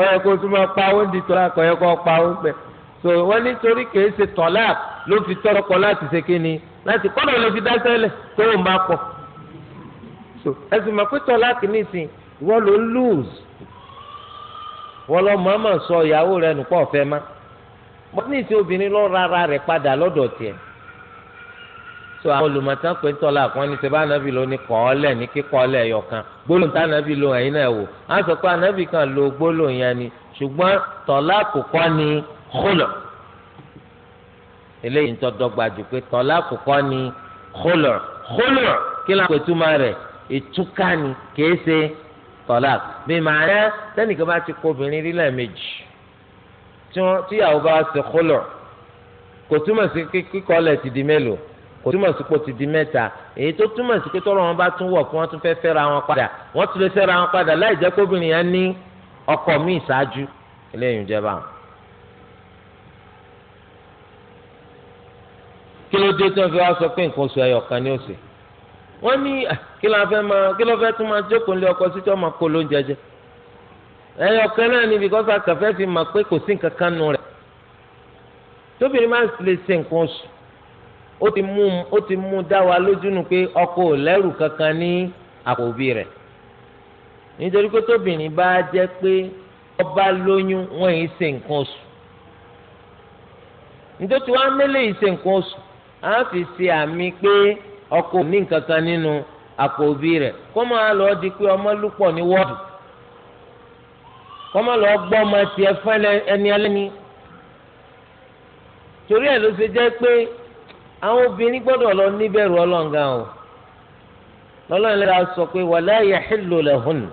ọ̀rẹ́ <laughs> kó tún máa pawó di tọ́lá kọ̀ yẹ kó pawó mbẹ̀ so wọ́n nítorí kìí ṣe tọ̀lá ló fi tọrọ kọ láti ṣe kí ni láti kọ́nà ló fi dá sẹ́lẹ̀ tó ń bá pọ̀ so ẹ̀sìn mọ̀ pé tọ́lá kì ní ìsìn ìwọ ló ń lose wọ́n lọ mọ̀ọ́mọ̀ sọ ìyàwó rẹ̀ nù pọ̀ fẹ́ má wọ́n ní ìsìn obìnrin lọ́ rárá rẹ̀ padà lọ́dọ̀ tiẹ̀ so àwọn olùmọ̀tán pé tọ́lá àkàn ní sẹ́bà ànábì ló ní kọ́ọ́lẹ̀ ní kíkọ́ọ́lẹ̀ ẹ̀yọ̀kan gbólóhùn tá ànábì lo ẹ̀yin náà wò á sọ pé ànábì kan lo gbólóhùn yẹn ni ṣùgbọ́n tọ́lá àkùkọ ni khulu eléyìí ń tọ́ dọ́gba jù pé tọ́lá àkùkọ ni khulu khulu kí ló ń pètúmọ̀ rẹ̀ ìtúká ni kìí ṣe tọ́lá bí màánà sẹ́nìkan bá kò túmọ̀ sí kíkọ́ọ́lẹ̀ ti di mélòó kò túmọ̀ sí pé ó ti di mẹ́ta èyí tó túmọ̀ sí pé tọ́lọ́ wọn bá tún wọ̀ kí wọ́n tún fẹ́ẹ́ fẹ́ra wọn padà wọ́n tún lè fẹ́ra wọn padà láì jẹ́ kóbìnrin yẹn ní ọkọ míì ṣáájú eléyìí ń jẹba. kí ló dé tí wọ́n fi wá sọ pé nǹkan oṣù ẹyọ kan ní oṣù wọ́n ní ah, kí ló fẹ́ máa kí ló fẹ́ tún máa jókòó lé ọkọ síjọ́ máa kó lóúnjẹ jẹ ẹyọ kan náà ni bìkọ́sà kàfẹ́ fi mà pé kò sí nǹkan kan nù rẹ̀ tóbìnrin máa lè ṣe nǹkan oṣù ó ti mú ó ti mú dá wa lójú nu pé ọkọ ò lẹ́rù kankan ní àkòbí rẹ̀ nítorí pé tóbìnrin bá jẹ́ pé ọba lóyún wọ́n yìí ṣe nǹkan oṣù nítorí wọn mélé yìí ṣe nǹkan oṣù á fi ṣe àmì pé ọkọ ò ní nǹkan kan nínú àkòbí rẹ̀ kó máa lọ di pé ọmọ lúpọ̀ ní wọ́ọ̀dù kó máa lọ gbọ́ ọmọ tiẹ̀ fún ẹni ẹlẹ́ni torí ẹ̀ ló ṣe jẹ́ pé àwọn obìnrin gbọ́dọ̀ lọ níbẹ̀rù Ọlọ́run gan o lọ́lọ́run lẹ́ra sọ pé wala yahillu lahunna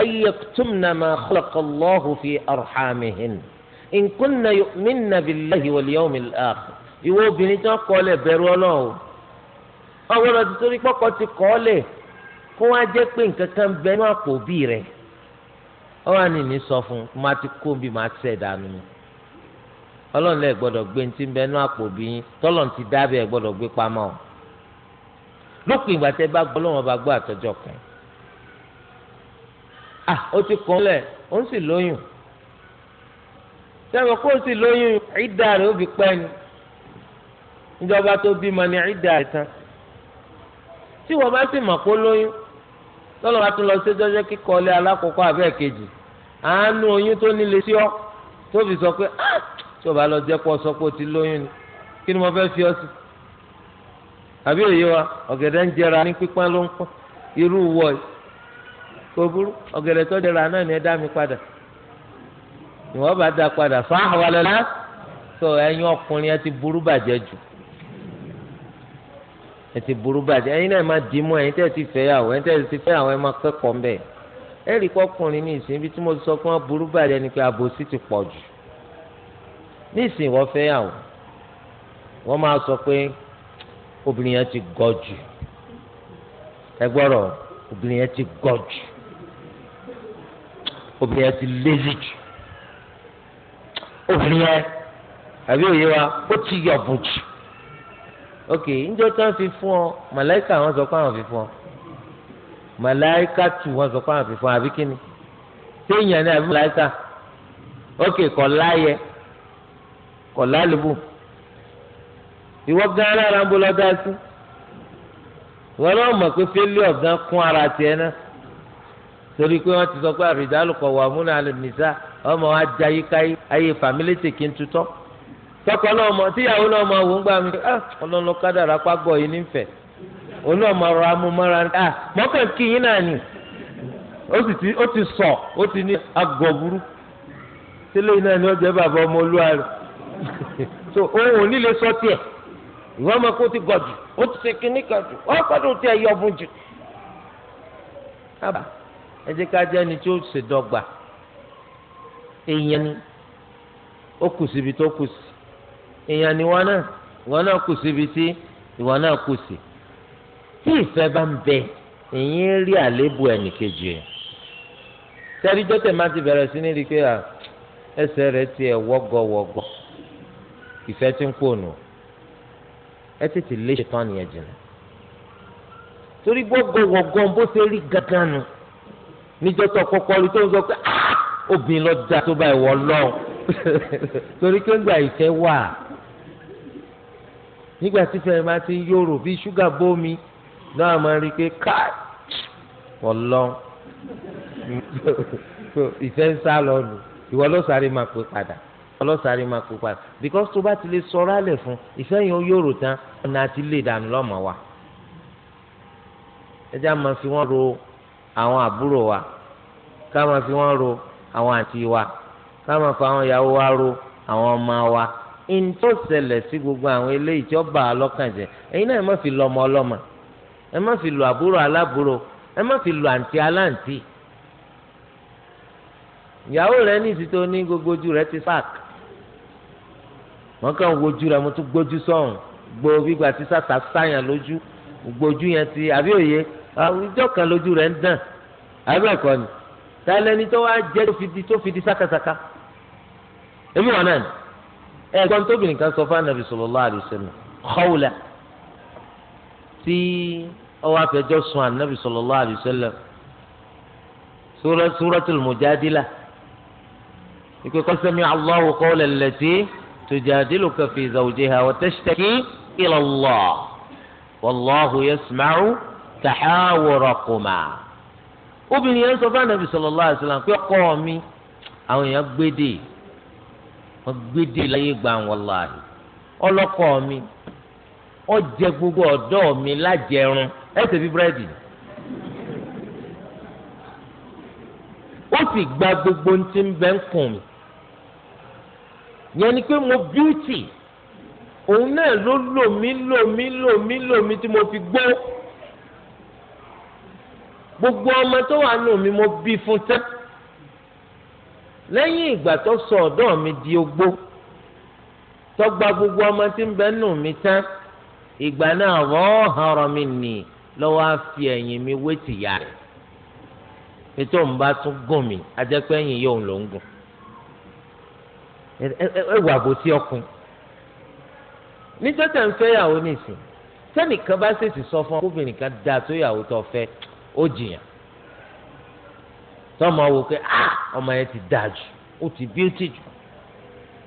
an yaktumna ma khalaqa Allahu fi arhamihinna in kunna yu'minna billahi wal yawmil akhir ìwọ obìnrin tó kọ̀ lẹ̀ bẹ̀rù o ọwọ́lọ́ ti torí ti kọ̀ kó wá jẹ́ pé nǹkan kan bẹ́ẹ̀ ní àpò bí rẹ̀ ọ wà ní sọ fún un má ti kó bí má ti sẹ̀ dànù mi. ọlọ́run lẹ gbọ́dọ̀ gbé ntí ń bẹ bí yín tọ́lọ̀ ti dábẹ́ ẹ gbọ́dọ̀ gbé pamọ́ o lópin ìgbà tẹ bá gbọ́ bá gbọ́ àtọ́jọ́ kan à ó ti kọ́ lẹ̀ ó ń sì lóyún sẹ́wọ̀n kó o sì lóyún ìdá rẹ̀ ó fi pẹ́ ni ìjọba tó bímọ ni rẹ̀ tán tí wọ́n bá sì mọ̀ kó lóyún sí kíkọ́ lé tí o bá lọ jẹ́ pọ̀ sọ pé o ti lóyún ni kí ni mo fẹ́ fi ọ sí. àbí òye wa ọ̀gẹ̀dẹ̀ ń jẹra ní pípọ́n ló ń pọ́n irú wọ̀ yìí kò burú ọ̀gẹ̀dẹ̀ tó jẹra náà ni ẹ dá mi padà ìwọ́n bá dá padà fún àwọn ọlọ́lá tó ọkùnrin ẹ ti burú bàjẹ́ jù ẹ ti burú bàjẹ́ ẹ̀yin náà máa dìímú ẹ̀yin tẹ́ ti fẹ́ yàwó ẹ̀yin tẹ́ ti fẹ́ yàwó ẹ máa kẹ́kọ̀ọ́ mbẹ́ ẹ̀rí kọ́kùnrin ní ìsìn tí mo sọ fún ọ burú bàjẹ́ ni pé àbòsí ti pọ̀ jù nísìnyí wọ́n fẹ́ yàwó wọ́n máa sọ pé obìnrin yẹn ti gọ̀ jù ẹ gbọ́rọ̀ obìnrin yẹn ti gọ̀ jù obìnrin yẹn ti lézì jù obìnrin yẹn àbí òye wa ó ti yọ̀bùn jù ok njẹ́ tí wọ́n fi fún ọ màláìka wọn sọ pé àwọn fi fún ọ màláìka tù wọn sọ pé àwọn fi fún ọ àbí kíni téèyàn ni àbí màláìka ok kọ̀ láyẹ. Okay, kọ̀ Iwọ ìwọ gan ara ń bo lọ́dá sí ìwọ náà mọ̀ pé ara tiẹ̀ náà torí pé wọ́n ti sọ pé àrídàlù wà múnà nìsá ọmọ wa jẹ ayíkáyí ayé fàmílì tèké ń tọkọ náà mọ tíyàwó náà mọ gbà mí ah kádàrá yìí ah náà ti sọ ó ti ní burú náà ọmọ olúwa so òun ò ní lè sọ tiẹ̀ ìwọ ọmọ kó ti gọ̀ jù ó ti ṣe kínní kan jù ó gbọ́dọ̀ tí ẹ yọ ọbùn jù. kábà ẹ jẹ́ ká jẹ́ ẹni tí ó ṣe dọ́gba èèyàn ni ó kù síbi tó kù sí èèyàn ni wọn náà wọn náà kù síbi tí ìwọ náà kù sí tí ìfẹ́ bá ń bẹ èyí rí àléébù ẹnìkejì ẹ̀ sẹ́rí jọ́tẹ̀ má ti bẹ̀rẹ̀ sí ní rí i pé ẹsẹ̀ rẹ̀ ti ẹ̀ ìfẹ́ tí ń kóònù ẹ tètè lé ṣetán nìyẹn jìnnà torí gbogbo wọ̀gán bó ṣe rí gàgán nu níjọ́ tó kọ́kọ́ rí tó ń sọ pé ah, obìnrin lọ da tó báyìí wọ́ lọ́wọ́ <laughs> torí pé ńgbà ìfẹ́ wà nígbà tí fẹ́rẹ̀ máa ti yòrò bí ṣúgà bómi náà máa rí i pé ká wọ́ lọ́wọ́ ìfẹ́ ń sá lọ nù ìwọ ló sáré máa pè padà ọlọ́sàárì máa kó padà because tó bá ti lè sọ̀rọ̀ alẹ̀ fún ìfẹ́ yẹn ó yòrò tán ọ̀nà àti lè dànù lọ́mọ wa ẹjẹ́ a máa fi wọ́n ro àwọn àbúrò wa ká máa fi wọ́n ro àwọn àǹtí wa ká máa fi àwọn ìyàwó wa ro àwọn ọmọ wa ntọ́ ṣẹlẹ̀ sí gbogbo àwọn eléyìí tí ó bà á lọ́kàn jẹ́ ẹ̀yin náà ẹ má fi lọ ọmọ ọlọ́mọ ẹ má fi lọ àbúrò alábúrò ẹ má fi lọ àǹtí aláǹtí ìyàwó rẹ ní ìsìtò ní gbogbo ojú rẹ ti fáàkì wọn kàn wojú rẹ mo tún gbójú sọhùn gbó gbígbà tí sàtà sáyàn lójú gbójú yẹn ti àbí òye àwùjọ kan lójú rẹ ń dàn àbí ẹ̀kọ́ ni tàlẹ́ni tó wá jẹ́ tó fi di sákàsákà èmi wọn náà ni ẹ̀gbọ́n tóbìnrin kan sọ fún anabi sallallahu alaihi wasallam Khawla tí ọwọ afẹjọ sùn anabi sallallahu alaihi wasallam suratul mujadila ìpè kọ́ sami'a Allahu qawla allati. تجادلك في زوجها وتشتكي إلى الله والله يسمع تحاوركما obìnrin yẹn sọ fún anabi sallallahu alaihi pé ọkọ mi àwọn èèyàn gbédè wọn gbédè láyé gbà wàláhì ọlọkọ mi ó jẹ gbogbo ọ̀dọ̀ mi lájẹrun ẹsẹ bí búrẹ́dì ó sì gba gbogbo ohun ń bẹ ń kùn mí yẹn ni pé mo bíútì òun náà ló lò mí lò mí lò mí lò mí tí mo fi gbó gbogbo ọmọ tó wà nù mí mo bí fún tán lẹ́yìn ìgbà tó sọ ọ̀dọ́ mi di ogbó tó gba gbogbo ọmọ tí ń bẹ nù mí tán ìgbà náà wọ́n hànrọ̀ mi nì lọ́wọ́ á ẹ̀yìn mi wé tìyà rẹ̀ ètò òun bá tún gùn mí ajẹ́pẹ́yìn yóò ló ń gùn ẹwù àbòtí ọkùn níjọ́tà ń fẹ́ yàwó nìsín sẹ́nìkan bá ṣèṣì sọ fún ọkùnrin kan dáa tó yàwó tó fẹ́ ó jìyàn tọ́mọ wò pé ah ọmọ yẹn ti dáa jù ó ti bíútì jù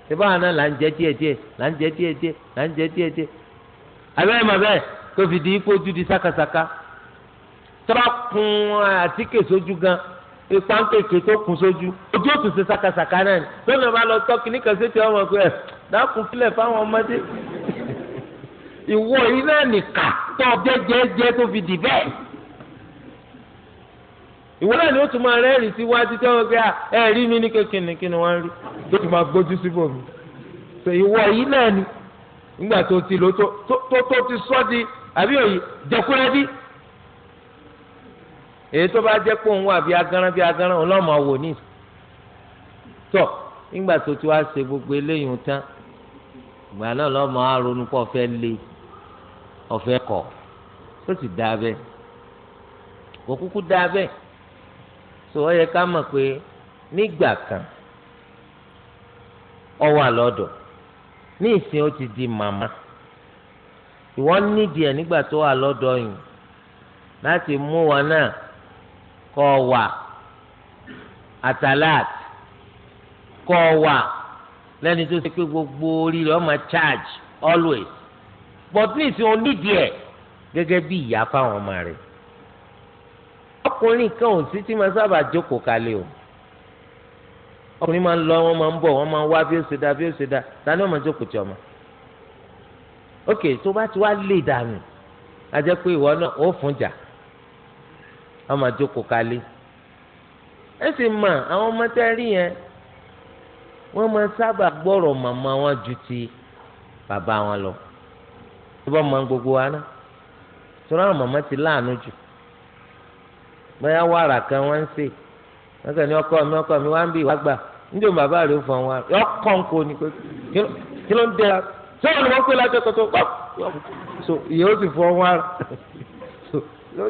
síbáà náà là ń jẹ díẹ̀ díẹ̀ là ń jẹ díẹ̀ díẹ̀ là ń jẹ díẹ̀ abẹ́rẹ́ mọ̀ bẹ́ẹ̀ tó fi di ipò ojú di sákàsáká tọ́ba kun àtíkè sójú gan-an ipa ń kéèké tó kún sójú ojú òtún ṣe ṣàkàṣàkà náà ni lónìí ọba lọ tọ́ kìnnìkà sétí ọmọ pé ẹ dákun sílẹ̀ fáwọn ọmọdé ìwọ yìí náà nìkà tó jẹjẹjẹ tó fi dì bẹ́ẹ̀ ìwọ náà ni ó tún máa rẹ́rìn sí wájú tí wọ́n gbé à ẹ rí mi ní kékeré kí ni wọ́n rí tó tún máa gbójú sí bòmí so ìwọ yìí náà ni nígbà tó ti lò tó tó ti sọ́ di àbí òyì jẹkúrẹ́dí èyí tó bá jẹ́ pé òun wà bí agaran bí agaran òun lọ́mọ wò ní. tọ́ nígbà tó ti wá ṣe gbogbo eléyìí tán ìgbà náà lọ́mọ aronú pọ̀ fẹ́ lé ọ̀fẹ́ kọ̀ tó sì dáa bẹ́ẹ̀ kò kúkú dáa bẹ́ẹ̀ tó ọ yẹ ká mọ̀ pé nígbà kan ọ wà lọ́dọ̀ ní ìsìn ó ti di màmá ìwọ nídìí ẹ̀ nígbà tó wà lọ́dọ̀ yìí láti mú wọn náà kọwa atalat kọwa wà lẹ́ni tó ṣe pé gbogbo orí rẹ̀ ọmọ charge always but ní ìsìn onídìí ẹ̀ gẹ́gẹ́ bí ìyá fáwọn ọmọ rẹ̀ ọkùnrin kan ò sí tí máa sábà jókòó kalẹ̀ o ọkùnrin máa ń lọ wọn máa ń bọ wọn máa ń wá bí ó ṣe dá bí ó ṣe dá ta ni wọn máa jókòó tí ọmọ ok tó bá ti wá lè dànù a jẹ́ pé ìwọ náà ó fún jà. wọn máa jókòó kálí ẹ sì mà àwọn ọmọ tẹ rí yẹn wọn máa sábà gbọ́rọ̀ màmá wọn ju ti bàbá wọn lọ síbọ̀ mọ gbogbo wa ná sọ̀rọ̀ àwọn màmá ti láàánú jù bóyá wàrà kan wọ́n ń sè wọ́n kàn ní ọkọ mi ọkọ mi wá ń bì wá gbà níjẹ́ òun bàbá rẹ̀ ó fọ̀ wá yọ kàn kó ni pé kí ló ń dẹ́ra sọ́wọ́n ni wọ́n pè lájọ́ kọ́tọ́ so ìyẹn ó sì fọ́ wá rẹ̀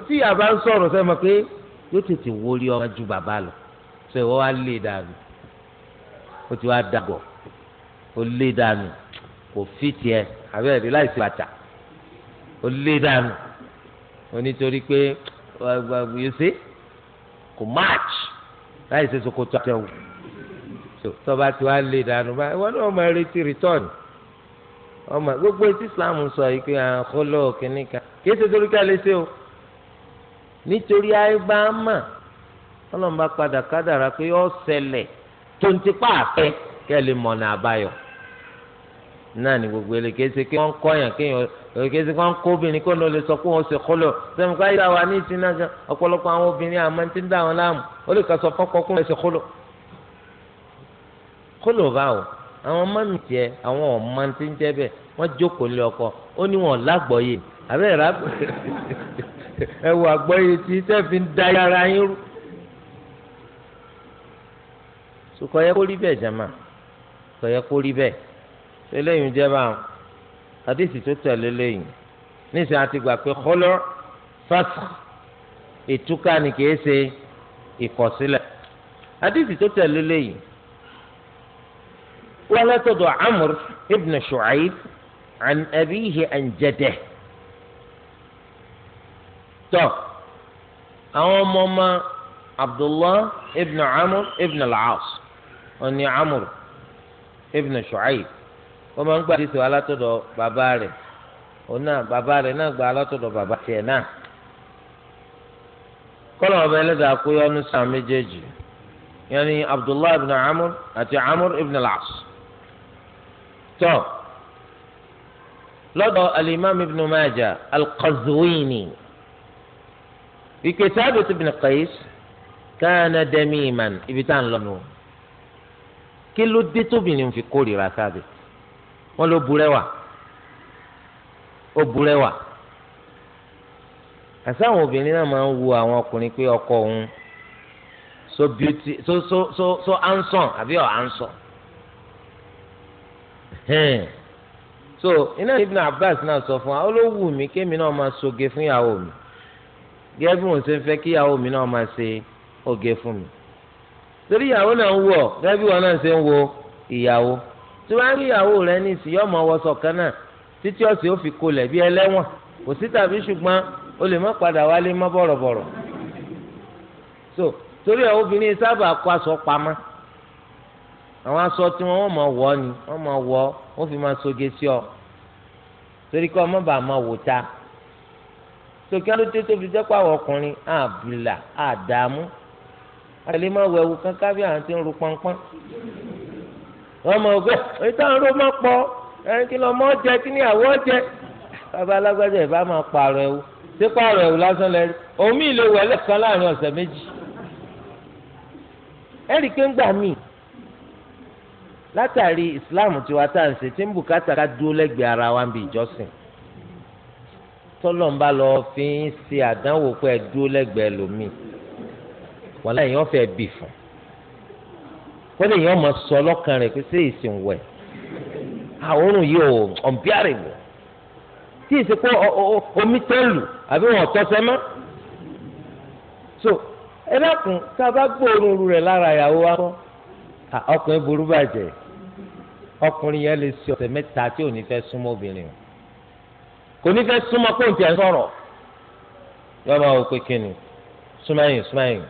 tí ìyá bá ń sọ̀rọ̀ sẹ́yìn mọ̀ pé yóò tètè wọlé ọmọ ju bàbá lọ sọ ìwọ wa lé dànù ó ti wá dàgọ̀ ó lé dànù kò fi tiẹ̀ àbẹ́rẹ́ láìsí bàtà ó lé dànù ó nítorí pé yóò kò march láìsí sokoto àtẹwò tọba tí wàá lé dànù báyìí wọn náà máa retí rìtọ́ọ̀nù ọmọ gbogbo etí Islam sọ yìí pé à ń kó lọ́ọ̀ kínní kan torí ká lè ṣe o nítorí àìbámà ọlọ́run bá padà kádàrá pé ó ṣẹlẹ̀ tó ń tipa àfẹ́ kẹ́lẹ́ mọ̀nà àbáyọ náà ni gbogbo èlé kéésì kí wọ́n ń kọ́yàn kéèyàn kéésì kí wọ́n ń kó obìnrin kó ló lè sọ pé wọ́n ṣe kólọ̀ sẹ́mi ká yíra wa ní ìsinmi náà ọ̀pọ̀lọpọ̀ àwọn obìnrin àmọ́ ti ń dà wọn láàmú ó lè kà sọ fọ́kọ kó lè ṣe kólọ̀ kólọ̀ báwo àwọn mọ́mì tiẹ̀ àwọn ọ̀mọ ti ń jẹ́ bẹ́ẹ̀ wọ́n jókòó lé ọkọ ó ní wọn lágbọ́yé àbẹ́rẹ́ rábẹ́ ẹ wò àgbọ́yé tí sẹ́ẹ̀fì ń da yàrá yín rú. sùkọ́ yẹ kó rí bẹ́ẹ̀ jama sọ yẹ kó rí bẹ́ẹ̀ eléyìí jẹ́ bá àdìsí tó tẹ̀lé léyìí níṣẹ́ àti gbà pé kọ́lọ́ fásitì ìtúká ni kìí ṣe ìkọ̀sílẹ̀ àdìsí tó tẹ̀lé léyìí wọ́n lẹ́tọ̀dọ̀ amúr ibn shu'aib an abiyihi an jẹ́dẹ̀ẹ́ tọ́ àwọn ọmọ ọmọ abdullah ibn amur ibn al-aas ọ̀ni amur ibn shu'aib wọ́n máa ń gba àdìsí alátọ̀dọ̀ bàbá rẹ̀ ọ̀nà bàbá rẹ̀ náà gba alátọ̀dọ̀ bàbá tiẹ̀ náà kọ́lọ̀ ọba ẹlẹ́dàá kó yọ ọ́nù sàn méjèèjì yẹn ni ibn amur àti amur ibn al-as tọ́ lọ́dọ̀ alimami ibn majah al-qazwini wípé Thabit ibn Qais kana damiman ibi tá à ń lọ nù. kí ló dé tóbìnrin fi kórìíra Thabit wọn ló burẹ́wà ó burẹ́wà àsáwọn obìnrin náà máa ń wu àwọn ọkùnrin pé ọkọ òun so beauty so so so so handsome àbí ọ̀ handsome so iná Ibn Abbas náà sọ fún wa ó ló wù mí kémi náà máa soge fún ìyàwó mi gẹ́gẹ́ bí mo ṣe ń fẹ́ kí ìyàwó mi náà máa ṣe oge fún mi torí ìyàwó náà ń wọ̀ gẹ́gẹ́ bí wọn náà ṣe ń wo ìyàwó tí wọ́n á rí ìyàwó rẹ ní ìsìn yọ́ọ̀mọ̀ wọṣọ kan náà títí ọ̀sẹ̀ ó fi kolẹ̀ bí ẹlẹ́wọ̀n kò sí tàbí ṣùgbọ́n o lè má padà wálé mọ́ bọ̀rọ̀bọ̀rọ̀ so torí àwọn obìnrin sábà kó aṣọ pamọ́ àwọn aṣọ tí wọ́n máa wọ̀ ni wọ́n máa wọ̀ wọ́n fi máa soge sí ọ torí kí ọmọ bàá máa wò ta sókè alóde tó fi jẹ́ pé àwọn ọkùnrin àbùlà àdààmú àtẹlẹ́ máa wọ ẹ̀wù kankan bí àwọn ti ń ru pọ́npọ́n wọ́n mọ̀ pé ìta ń ro mọ́ pọ̀ ẹni kí lọ mọ́ jẹ kí ni àwọ̀ jẹ bàbá alágbájá ìbá máa pààrọ̀ ẹ̀wù ṣé pààrọ̀ ẹ̀wù lásán lẹ rí omi ìlè wẹ̀ lẹ́ẹ̀kan láàrin ọ̀sẹ̀ méjì ẹ̀rí pé ń gbà míì látàrí ìsìláàmù tiwa tá à ń ṣe tí ń bùkátà ká dúró lẹ́gbẹ̀ẹ́ ara wa ń bi ìjọsìn tọ́lọ́mbà lọ fi ń ṣe àdánwò pé ẹ dúró lẹ́gbẹ̀ẹ́ lómi wọn lẹ́yìn ọ̀fẹ́ bì fún kọ́lé yìí ọmọ sọ ọlọ́kàn rẹ̀ pé ṣé ìsìn wẹ̀ àwòrán yìí ò ọ̀nbíàrè wò tí ì ṣe pé omi tẹ́lù àbí wọn tọ́ sẹ́mọ́ so ẹ dákun tá a bá gbóòórùn rẹ̀ lára ìyàwó wa kọ́ ọkùnrin burú bàjẹ́ ọkùnrin yẹn lè ṣe ọ̀sẹ̀ mẹ́ta tí ò ní fẹ́ súnmọ́ obìnrin o kò ní fẹ́ súnmọ́ kó n tiẹ̀ sọ̀rọ̀ yọ máa wò pé kíni súnmẹ́yìn súnmẹ́yìn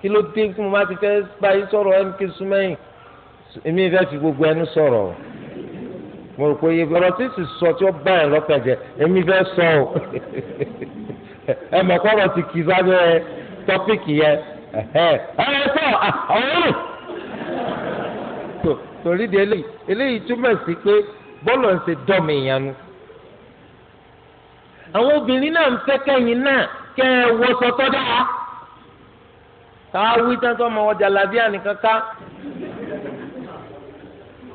kí ló dé tí mo bá ti fẹ́ bá yín sọ̀rọ̀ ẹni kí súnmẹ́yìn èmi fẹ́ fi gbogbo ẹnu sọ̀rọ̀ mo rò pé iye ọ̀rọ̀ tí sì sọ tí ó bá ẹ̀ lọ́kàn èmi fẹ́ sọ o <laughs> ẹ mọ̀ kọ́rọ̀ ti kì í sábẹ́ tọ́pìkì yẹn ẹ ẹ sọ ọ̀rọ̀ torí de eléyìí eléyìí túmọ̀ sí pé bọ́ọ̀lù ń ṣe dọ́mi ìyanu àwọn obìnrin náà ń fẹ́ kẹ́yìn náà kẹ́ ẹ wọ sọtọ́ dáa tán tó ọmọ ọjà làbíà nìkan ká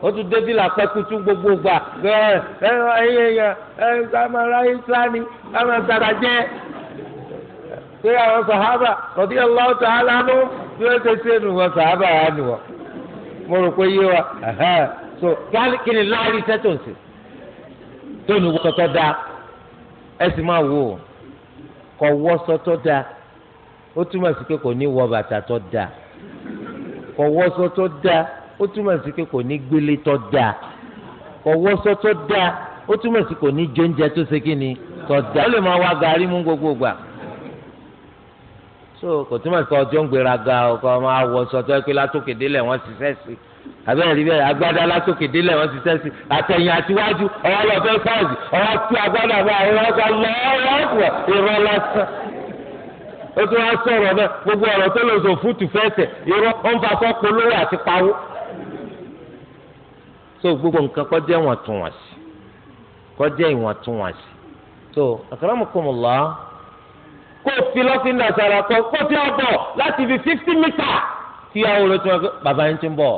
ó tún débi làpẹ́ kutu gbogbo gbà ẹ ẹ ẹ ẹ ẹ sàmàlà ìsìlámì sàmàlà sàràjẹ́ pé àwọn sàhábà ló bí ṣe ṣe nù wọn sàhábà nù wọn so kí ni láàrin tó ń ẹ sì máa wò ó kọ wọṣọ tó dáa ó túmọ̀ sí pé kò ní wọ bàtà tó dáa kọ wọṣọ tó dáa ó túmọ̀ sí pé kò ní gbélé tó dáa kọ wọṣọ tó dáa ó túmọ̀ sí kò ní jóúnjẹ tó ṣe kí ni tó dáa ó lè máa wá gàrí mú gbogbo gbà so kò túmọ̀ sí pé ọjọ́ ń gbéra ga ọkọ máa wọṣọ tó ẹ pé látòkè délẹ̀ wọ́n ṣiṣẹ́ sí i abẹ́rẹ́ bẹ́ẹ̀ agbádá lásòkè délẹ̀ wọ́n ti sẹ́sì àtẹ̀yìn àtiwájú ọwọ́ lọ fẹ́ fáàzì ọwọ́ tí agbádá bá àwọn ọ̀gá lọ́wọ́ irọ́ lásán. ó tún wá sọ̀rọ̀ náà gbogbo ọ̀rọ̀ tó lọ sọ fútù fẹ́ẹ̀tẹ̀ irọ́ ó ń fa fọ́pọ̀ lówó àti pawó. so gbogbo nǹkan kọjá ìwọ̀ntúnwọ̀nsì kọjá ìwọ̀ntúnwọ̀nsì so àkàràmùkùmùlá kó fi lọ́fíńdà sára kan kó fi ọ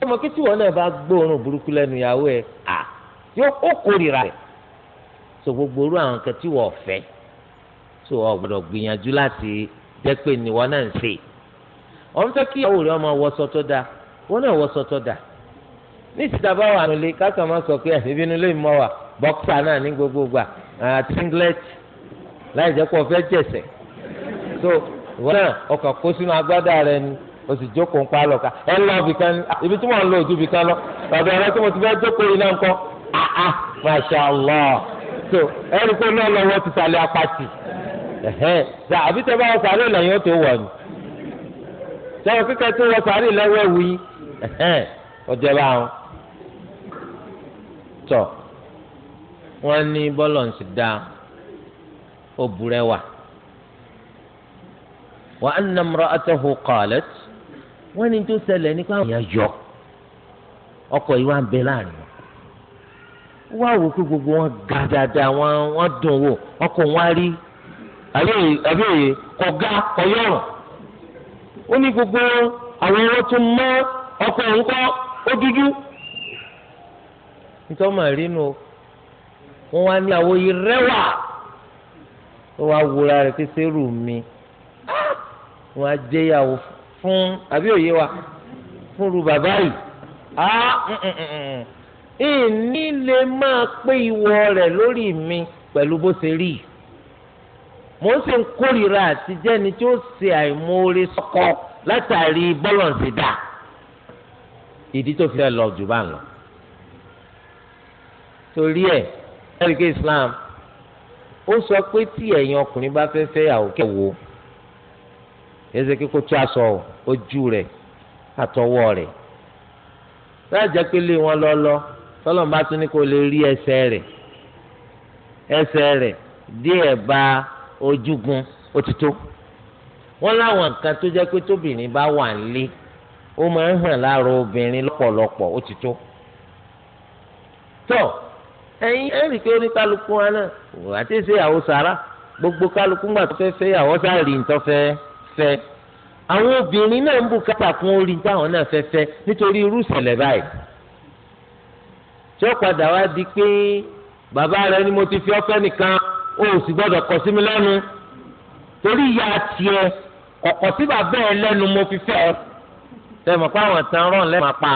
ṣé mo wọn náà bá gbóòórùn burúkú lẹ́nu ìyàwó ẹ̀ à yóò ó kórìíra rẹ̀ so gbogbo orú àwọn kan tí wọ́n so ọ gbìyànjú láti jẹ́ pé níwọ náà ń se ọ̀n fẹ́ kí ìyàwó rẹ̀ ọmọ wọṣọ tó dáa wọn náà wọṣọ tó dáa ní ìsìta bá wà nílé káàkiri máa sọ pé ẹ̀mí bínú lè mọ náà ní gbogbo gbà láì jẹ́ pé ọ fẹ́ jẹ̀sẹ̀ so ìwọ náà ọkàn kó sínú agbádá rẹ ni o sì jókòó ńpa lọ ká ẹ lọ fi kan ibi tí wọn lọ ojú fi kan lọ ọ̀dọ̀ ọ̀rẹ́ tí mo ti fẹ́ jókòó yìí náà ń kọ́ àá masha allah so ẹni pé náà lọ wọ́n ti sàlẹ̀ apàtì ẹ̀hẹ́n ṣá àbí tẹ́ bá wọ sàárè lẹ́yìn ó tó wọ̀ ni sẹ́wọ̀n kíkẹ́ tó wọ sàárè lẹ́wọ̀ ẹ̀wù yìí ẹ̀hẹ́n ọjọ́ bá wọn tọ̀ wọ́n ní bọ́lọ̀nsì dá ó burẹ́wà wa anna imra'atahu qalat wọ́n ní tó ṣẹlẹ̀ nípa àwọn èèyàn yọ ọkọ̀ yìí wá ń bẹ láàrin wọn wá wò pé gbogbo wọn ga dáadáa wọn wọn dùn wò ọkọ̀ wọn rí àbẹ́yẹ kọ̀gá kọ̀yọ̀rọ̀ ó ní gbogbo àwọn ẹ̀rọ tó mọ́ ọkọ̀ ńkọ́ ó dúdú nítorí màá rí nu wọn wá ní àwọn yìí rẹwà ó wá wúra rẹ pé sẹ́rù mi wọn á jẹ́yàwó fún fún àbí òye wa fún ru bàbá yìí á mm, mm, mm, ìní lè máa pé ìwọ rẹ̀ lórí mi pẹ̀lú bó ṣe rí mo ń ṣe ń kórìíra àti jẹ́ni tí ó ṣe àìmoore sọ́kọ látàrí bọ́lọ̀nsì dà ìdí tó fi lọ jù bá ń lọ torí ẹ̀ ẹ̀ríkẹ́ Islam ó sọ pé tí ẹ̀yin ọkùnrin bá fẹ́ fẹ́ yàwó kẹ́wòó. èsì kíkó tí a sọ ojú rẹ̀ àtọwọ́ rẹ̀ láàjẹ́ pé lé wọn lọ́lọ́ tọ́lọ́mù bá tún ní kó lè rí ẹsẹ rẹ ẹsẹ̀ bá ojúgun ó wọn láwọn kan tó jẹ́ pé tóbìnrin bá wà nílé ó máa ń hàn obìnrin lọpọlọpọ gbogbo kálukú gbà tó fẹ́ fẹ́ fẹ́ àwọn obìnrin náà ń bùkátà fún orí táwọn náà fẹ́ fẹ́ nítorí irú ìṣẹ̀lẹ̀ báyìí tí ó padà wá di pé bàbá rẹ ni mo ti fi ọ̀fẹ́ nìkan ó sì gbọ́dọ̀ kọ sí mi lẹ́nu torí ìyá tiẹ̀ kọ̀kọ̀ sí bàbá ẹ lẹ́nu mo fi fẹ́ ẹ tẹmọ pé tán rán lẹ́nu apá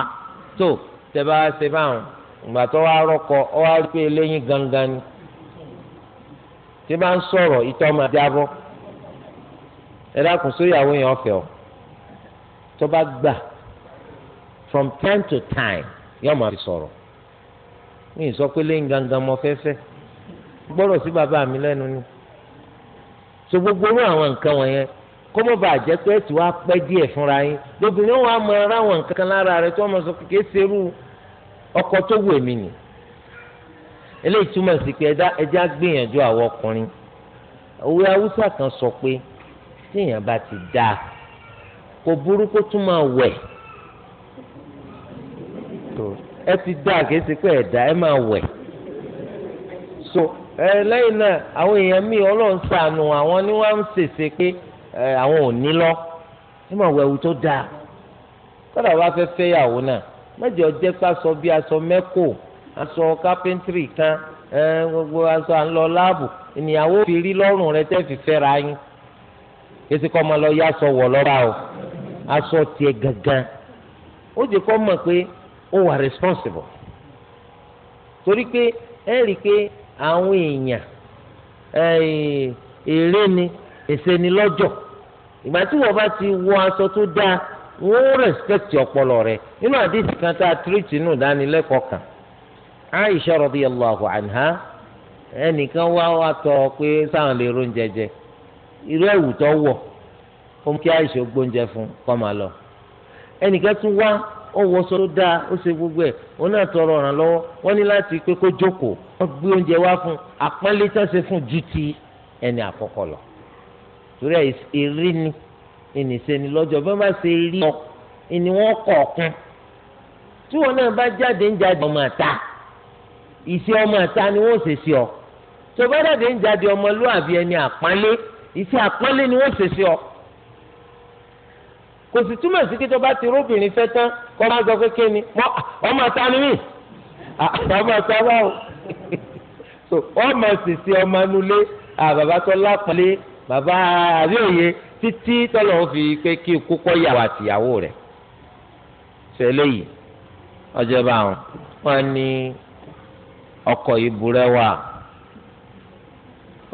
tó tẹ̀bá ṣe báwọn ìgbà tó wá rọ́kọ ọ wá rí pé eléyìí gangan ni tí bá ń sọ̀rọ̀ ìtọ́ máa jábọ́ ẹ dákun sóyàwó yẹn ọ̀fẹ́ o tó bá gbà from time to time yóò máa fi sọ̀rọ̀ mi ì sọ pé lẹ́yìn gangan mo fẹ́ fẹ́ gbọ́dọ̀ sí bàbá mi lẹ́nu ni so gbogbo orú àwọn nǹkan wọ̀nyẹn kó mọ̀ bàa jẹ́ pé tí wàá pẹ́ díẹ̀ fúnra yín lóbìnrin wọn á mọ ara àwọn nǹkan kan lára rẹ̀ tí wọ́n mọ̀ sọ kékeré serú ọkọ tó wù èmi nì eléyìí túmọ̀ sí pé ẹja gbìyànjú àwọn ọkùnrin òwe haúsá kan sọ pé. So téèyàn bá ti daa kò burúkú tún máa wẹ̀ ẹ ti pé ẹ̀dá ẹ máa wẹ̀ so ẹ lẹ́yìn náà àwọn èèyàn míì ọlọ́run sànù àwọn ni wọ́n ń ṣèṣe pé àwọn ò ní lọ ẹ máa wẹ̀ tó kọ́dà wá fẹ́ fẹ́yàwó náà mẹ́jọ jẹ́ pé aṣọ aṣọ mẹ́kò aṣọ kápẹ́ńtìrì kan gbogbo aṣọ à ń lọ láàbù esi kọ́ ọmọ lọ ya aṣọ o aṣọ tiẹ̀ gangan ó o kọ́ mọ̀ pe o wa responsible torí pé ẹ rí i pé àwọn èèyàn èrè ni èsè ni ìgbà tí wọ́n bá ti wọ aṣọ tó dáa wọ́n ó ọpọlọ rẹ nínú àdéhùn kan tá a tírìtì nù dánilẹ́kọ̀ọ́ kan Aisha radiyallahu anha ẹnìkan wá wá pé sáwọn lè irú ẹ̀wù tó wọ̀ ó mú kí àìsàn ó gbóúnjẹ fún kó máa lọ ẹnìkan tún wá ó wọṣọ tó dáa ó ṣe gbogbo ẹ̀ ó náà tọrọ ọ̀ràn lọ́wọ́ wọ́n ní láti pé kó jókòó wọ́n gbé oúnjẹ wá fún àpọ́nlé sẹ́sẹ́ fún ju ti ẹni àkọ́kọ́ lọ torí ẹ̀ eré ni ìnìṣẹ́ni lọ́jọ́ bí wọ́n bá ṣe rí ọ ìní wọn kọ̀ọ̀kan tí wọn náà bá jáde ń jáde ọmọ àta ìṣe ọmọ àta ni wọn ṣe ṣe ọ tó bá jáde ń jáde ọmọlúwàbí ẹni àpọ́nlé iṣẹ́ àpọ́nlé ni wọ́n ṣe sí ọ. kò sì túmọ̀ sí kí tó bá ti róbìnrin fẹ́ tán kọ́ máa sọ pé kí ni ọmọ ata ni mí ọmọ ata báwo <laughs> so ọmọ sèse ọmọ anulé bàbá tó lápọ̀lé bàbá àríòye títí tọ́lọ̀ ń fi pé kí ikú kọ́ yàwó àtìyàwó rẹ̀ ṣe eléyìí ọjọ́ bá wọn wọn ní ọkọ̀ ìbúrẹ́wà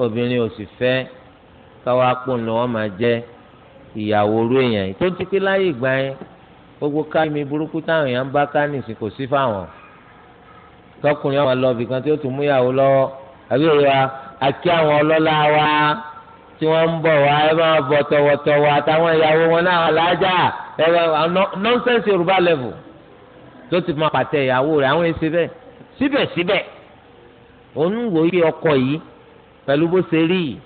obìnrin ò sì fẹ́ káwá pòun ni wọ́n máa jẹ́ ìyàwó orú èèyàn yìí tó ti pé láyé ìgbà yẹn gbogbo káyọ̀mí burúkú táwọn èèyàn ń bá kánì sí kò sí fáwọn tọkùnrin ọmọ lọ bìkan tí ó tún mú ìyàwó lọ́wọ́ àbí òye wa àkí àwọn ọlọ́lá wa tí wọ́n ń bọ̀ wá ẹ máa bọ̀ tọ̀wọ̀tọ̀wọ̀ àtàwọn ìyàwó wọn náà alájà ẹ nọ́ńsẹ̀nsì yorùbá lẹ́vù tó ti máa pàtẹ ìyàwó rẹ̀ àwọn èsì bẹ́ẹ̀ síbẹ̀síbẹ̀ òun wò ó ọkọ yìí pẹ̀lú bó ṣe rí yìí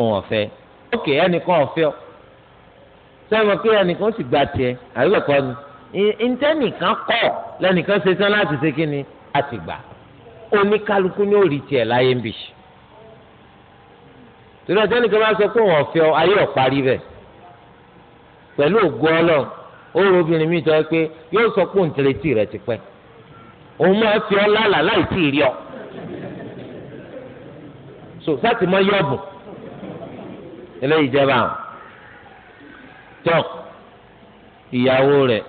òun ọ̀fẹ́ ókè ẹnìkan ọ̀fẹ́ ọ sẹ́wọ̀n pé ẹnìkan sì gba tiẹ̀ àyùbẹ̀kọ ni ntẹ́nìkan kọ̀ lẹ́nìkan ṣe tán láti ṣe kí ni láti gbà oníkálukú ni ó rí tiẹ̀ láyé ń bì torí ọjọ́ nìkan bá sọ pé òun ọ̀fẹ́ ọ ayé ọ̀parí bẹ̀ pẹ̀lú ògo ọlọ́run ó rò obìnrin mi tọ́ ẹ pé yóò sọ pé òun tẹ̀lẹ́tì rẹ̀ ti pẹ́ òun máa fi ọ lálàá láì tí ì rí ọ so sáà ti mọ yọ̀bùn eléyìí jẹ́ báwọn tọ́ ìyàwó rẹ̀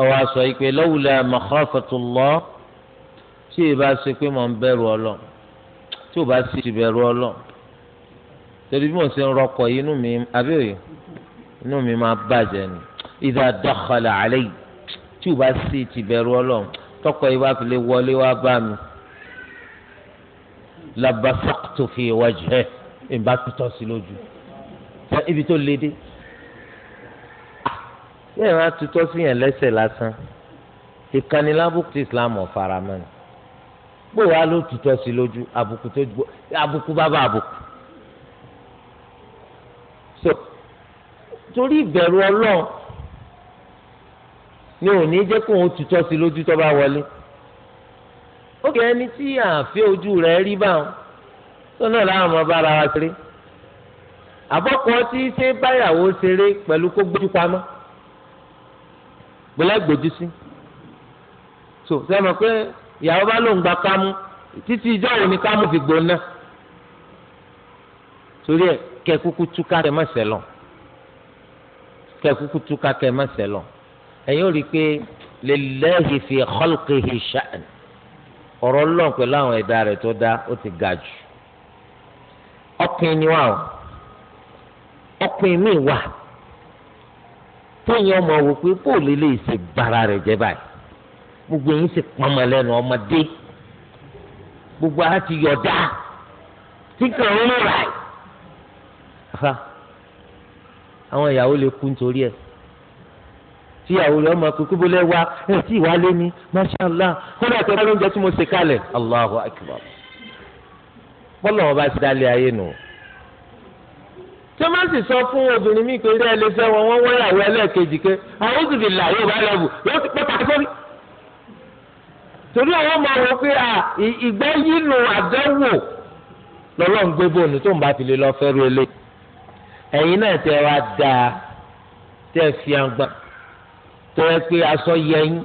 ọwọ́ aṣọ ìpè lọ́wọ́lẹ̀ mọ̀kọ́fẹ̀tùlọ́ tí ì bá ṣe pé mò ń bẹ̀rù ọlọ́ tí ò bá sì ti bẹ̀rù ọlọ́ torí bí mo ṣe ń rọkọ yìí inú mi abẹ́òye inú mi máa bàjẹ́ ni ìdá dọ́kọlẹ̀ àlẹ́ yìí tí ò bá sì ti bẹ̀rù ọlọ́ tọkọ yìí wá fi lè wọlé wá bá mi labasaqtu fi wajhihi ìbá tutọ́ sí lójú ibi tó le dé bẹ́ẹ̀ ah, wá tutọ́ sí yẹn lẹ́sẹ̀ lásán ìkànnì lábùkù tí Islam ọ̀faramọ́ ni pé wàá ló tutọ́ sí lójú àbùkù tó gbó àbùkù bàbá àbùkù. so torí ìbẹ̀rù ọlọ́run ni ò ní jẹ́ kóun tutọ́ sí lójú tó bá wọlé. ó kẹ́ ẹni tí àáfẹ́ ojú rẹ̀ rí báwọn tó náà láwọn ọmọ bá ara wa ṣeré àbọ̀kọ́ tí ṣe báyàwó ṣeré pẹ̀lú kó gbójú pamọ́ gbọ́lá gbòjú sí so sẹ́mi pé ìyàwó bá lóun gba kámú títí ìjọ òun ni kámú fi gbóná torí ẹ kẹ kúkú túká kẹ mọ̀sẹ̀ lọ kẹ kúkú túká kẹ mọ̀sẹ̀ lọ ẹ̀yin ò rí i pé lillahi fi khalqihi sha'n ọ̀rọ̀ lọ́n pẹ̀lú àwọn ẹ̀dá rẹ̀ tó dá ó ti ga jù ọkùnrin ni wà ó ọkùnrin míì wà tóyìn ọmọ wò pé bóòlù lè ṣe gbára rẹ̀ jẹ báyìí gbogbo yín sì pọnmọ lẹ́nu ọmọdé gbogbo ara ti yọ̀dá tí kàn ń rà ẹ̀ fa àwọn ìyàwó lè kú nítorí ẹ̀ tí ìyàwó rẹ̀ ọmọ kúkú bó lẹ́ wá ẹ̀ tí ìwálé ni masha allah kó náà tẹ́ ọ́ lóúnjẹ tí mo ṣe kalẹ̀ allahu akbar bọ́lọ̀ wọn bá ti dálé ayé nù. tọ́másì sọ fún obìnrin mi pé ilé ẹlẹ́fẹ́ wọn wọ́n wáyàwó ẹlẹ́ẹ̀kejì ké àwọn oṣù fi là yóò bá lẹ́bù yóò ti pẹ́ta sórí. torí àwọn ọmọ wọn pé ìgbẹ́ yínú àdánwò lọ́lọ́ ń gbé bóun tó ń bá ti lè lọ fẹ́ ru ilé. ẹ̀yin náà tẹ́ wá dáa tẹ́ fi àgbà tọ́ pé aṣọ yẹ yín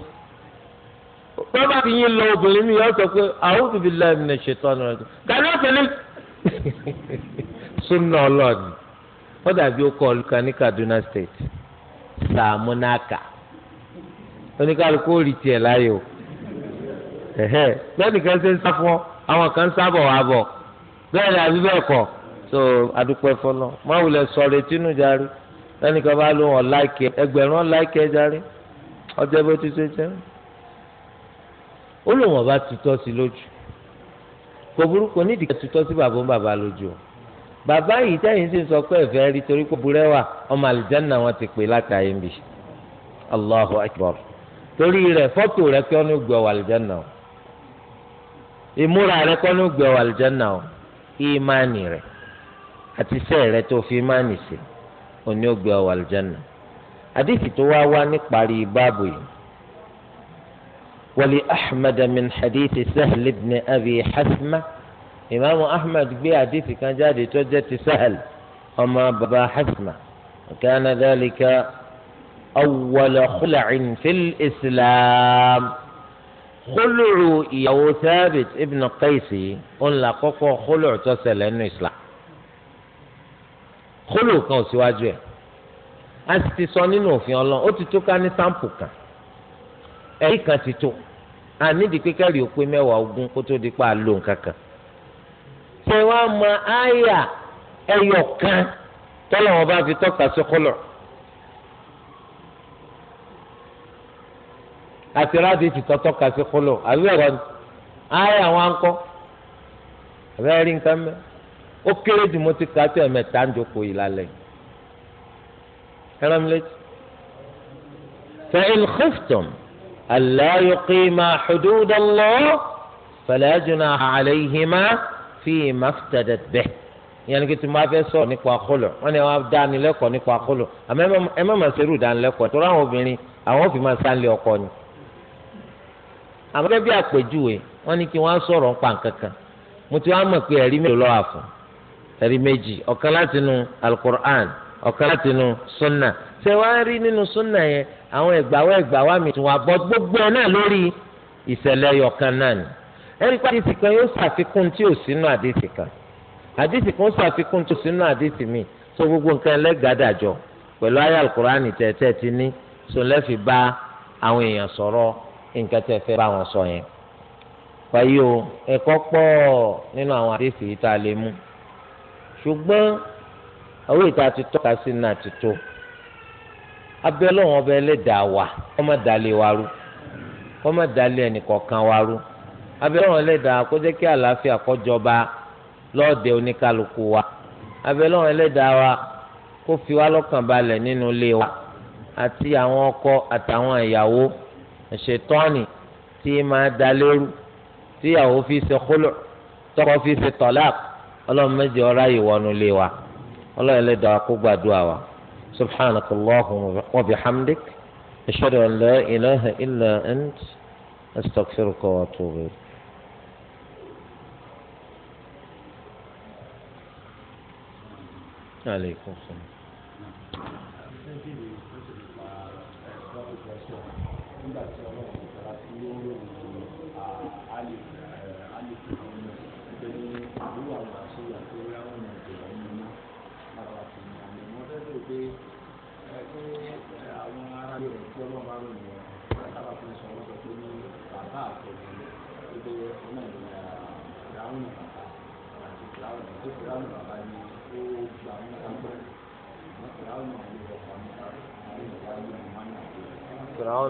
tó bá fi yín lọ obìnrin mi yóò sọ pé a'udhu billahi minash shaitani rajim kàní òfìlì <laughs> súnà ọlọ́ọ̀ni ó dàbí ó kọ́ ọ̀lùkà ní Kaduna State sàmúnàkà oníkàlùkù ó rí tiẹ̀ láyò bẹ́ẹ̀ni kan ṣe ń sá fún ọ àwọn kan ń sábọ̀ wá bọ̀ bẹ́ẹ̀ ni àbí bẹ́ẹ̀ kọ́ so adúpẹ́ fọlọ́ máwùlẹ̀ sọ̀rọ̀ etínú járe lẹ́nìkan bá lóun ọ̀ láìkẹ́ ẹgbẹ̀rún ọ̀ láìkẹ́ járe ọjọ́ bó ti ṣe jẹ́ ó lòun ọba tutọ́ sí lójú kò burúkú nídìí ká tutọ́ sí bàbá bàbá lójú o bàbá yìí tẹ́yìn sì ń sọ pé ẹ̀fẹ́ rí torí kó burẹ́ ọmọ àlùjáná wọn ti pè látàáyé nbí Allahu akbar torí rẹ̀ fọ́tò rẹ̀ kí ọ́nú gbé ọwọ́ àlùjáná o ìmúra rẹ̀ kí ọ́nú gbé ọwọ́ àlùjáná o ìmánì rẹ̀ àti sẹ́ẹ̀ rẹ̀ tó fi ìmánì sí òní ó gbé àdìsí tó wá wá níparí báàbù yìí ولأحمد من حديث سهل بن أبي حثمة إمام أحمد في حديث كان جادي توجد سهل أما بابا حثمة وكان ذلك أول خلع في الإسلام خلع يو ثابت ابن قيسي أن لقوق خلع تسل أنه إسلام خلع كان سواجه أستي صنين وفي الله أتتوك عن سامبو ẹ̀rí kan ti tó ànídìí pé kẹ́rì òpin mẹ́wàá ogún kó tó di pa àlò nǹkankan. ṣé wàá mọ àyà ẹyọ kan tọ́lọ̀ wọn bá fi tọ́ka sọ́kọ́lọ̀. àti rádi ti tọ́ tọ́ka sọ́kọ́lọ̀ àbí ẹ̀rọ ni àyà wọn á ń kọ́ àbẹ́ rí nǹkan mẹ́ ó kéré jù mo ti kà tó ẹ̀mẹ́ta ń jókòó yìí ẹ̀rọ mi létí. fẹ́ ilé ألا يقيما حدود الله فلا جناح عليهما فيما افتدت به yẹn kí tí mo bá fẹ́ sọ nípa akọlọ wọn ni wọn dání lẹ́kọ̀ọ́ nípa akọlọ àmọ́ ẹ má máa ṣerú ìdánilẹ́kọ̀ọ́ tó ráwọn obìnrin àwọn fi máa sálẹ ọkọ ni. àmọ́ gẹ́gẹ́ bí àpèjúwe wọn ní kí wọ́n sọ̀rọ̀ nípa nǹkan mo ti wá mọ̀ pé ẹ̀rí mélòó lọ́wọ́ àfọ̀ ẹ̀rí méjì ọ̀kan látinú alukur'an ọ̀kan láti nu sunna ṣé wàá rí nínú sunna yẹn àwọn ẹgbàwọ ẹgbàwọ mi tún wà bọ gbogbo ẹ náà lórí ìṣẹ̀lẹ̀ yọkan náà ni ẹni pé àdìsí kan yóò ṣàfikún tí ò sínú àdìsí kan àdìsí kan ṣàfikún tí ò sínú àdìsí mi tó gbogbo nǹkan ẹlẹgàdàjọ pẹ̀lú ayé alukurani tẹtẹ ti ní sọ lẹfi bá àwọn èèyàn sọ̀rọ̀ nǹkan tẹ fẹ́ bá wọn sọ yẹn wáyé o ẹ̀kọ́ pọ̀ nínú àwọn àdìsí yìí tá a lè mú ṣùgbọ́n àwọn ìta ti tọ́ka sí náà ti tó abẹ́ lọ́wọ́n ọba ẹlẹ́dàá wa kọ́mọ dalẹ̀ wa rú kọ́mọ dalẹ̀ ẹnìkọ̀ọ̀kan wa rú abẹ́ lọ́wọ́n ẹlẹ́dàá kó jẹ́ kí àlàáfíà kó jọba lọ́ọ̀dẹ oníkálukú wa abẹ́ lọ́wọ́n ẹlẹ́dàá wa kó fi wá lọ́kàn balẹ̀ nínú ilé wa àti àwọn ọkọ àtàwọn ìyàwó ṣètọ́ni tí máa dalérú tíyàwó fi ṣe kólọ̀ tọkọ fi ṣe tọ́lá ọlọ́run méje ọ̀rá ìwọ́nulé wa. ọlọ́run lè dàá kó gbàdúrà wa subhanaka allahumma wa bihamdik ashhadu an la ilaha illa ant astaghfiruka wa atubu ilayk. عليكم السلام Thank you. fìràwọn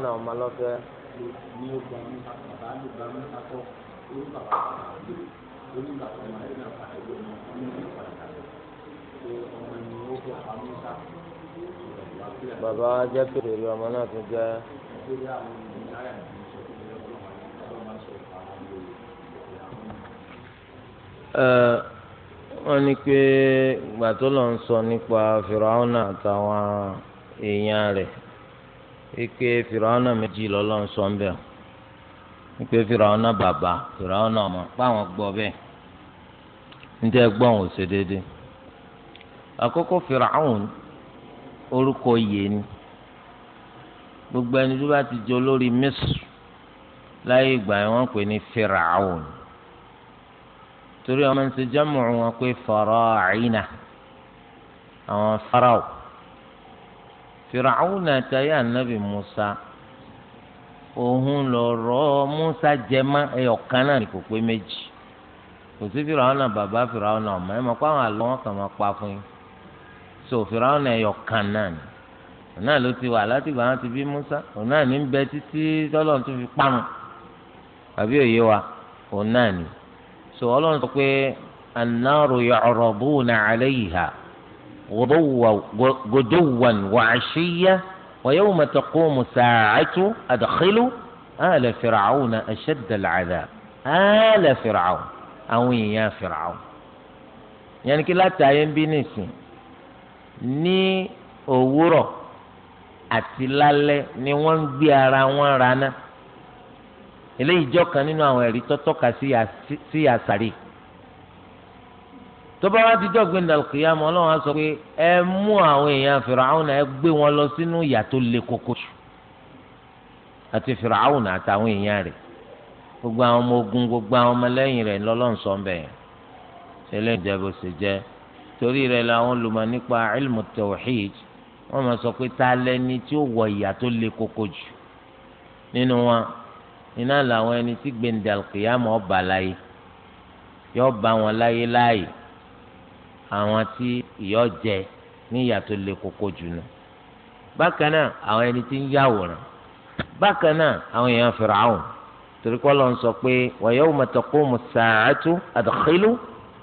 náà ọmọ lọfẹ. ní o gba mi bàbá mi gba mi kakọ orí bàbá mi orí bàbá mi àti bàbá mi ló ń bá mi. bàbá wa jẹ́ kèrèrè ọmọ náà tún jẹ́ wọ́n ní pé ìgbà tó lọ ń sọ nípa fìràwọ́nà àtàwọn èèyàn rẹ̀ wípé fìràwọ́nà méjì lọ́lọ́ ń sọ wípé bàbá ọmọ gbọ́ bẹ́ẹ̀ ń ṣe déédéé. àkọ́kọ́ fìràhùn orúkọ yìí ni gbogbo ẹni tó bá ti jẹ olórí Misr láyé ìgbà yẹn wọ́n pè ní fìràhùn torí ọmọ ní sèjámù wọn pé fọrọ àyínà àwọn farao fìràhùn àtàyà nàbì Musa òun lọ̀rọ̀ Musa jẹmọ́ ẹyọkan náà ní kò pé méjì kò sí fìràhùn náà bàbá fìràhùn náà ọmọ ẹ mọ̀ pé àwọn àlọ́ wọn kàn máa pa fún yín so fìràwọn ẹyọ kan náà ni òun náà ló ti wà látìgbà wọn ti bí Musa òun náà ní bẹ títí tọ́lọ́run tó fi parun àbí òye wa òun ni so Ọlọ́run sọ pé an-nāru yu'raḍūna 'alayhā غدوا وعشيا ويوم تقوم الساعة أدخلوا آل فرعون أشد العذاب آل فرعون أو يا فرعون يعني كلا تايم بنسين ní òwúrọ̀ àti lálẹ́ ni wọ́n ń gbé ara wọn rana eléyìí jọ kan nínú àwọn ẹ̀rí tó tọ́ka sí àṣàrí tó bá wá dijọ́ ọlọ́run á sọ pé ẹ mú àwọn èèyàn fìràhùn ẹ gbé wọn lọ sínú ìyà tó le koko àti fìràhùn àtàwọn èèyàn rẹ̀ gbogbo àwọn ọmọ ogun gbogbo àwọn ọmọlẹ́yìn rẹ̀ ńlọ́lọ́run sọ ń bẹ̀yẹn ṣẹlẹ̀ ìjẹ́ bó torí rẹ̀ làwọn olùmọ̀ nípa ilmu tawhid wọ́n máa sọ pé ta lẹni tí ó wọ ìyà tó le koko jù nínú wọn iná làwọn ẹni tí gbẹndàlùkìyàmọ ọba láyé yóò bá wọn láyé láàyè àwọn tí ìyọ jẹ ní ìyà tó le koko jù nù bákan náà àwọn ẹni tí ń yàwòrán bákan náà àwọn èèyàn Fir'aun torí kọ́ ló ń sọ pé wa yawma taqumu as-sa'atu adkhilu.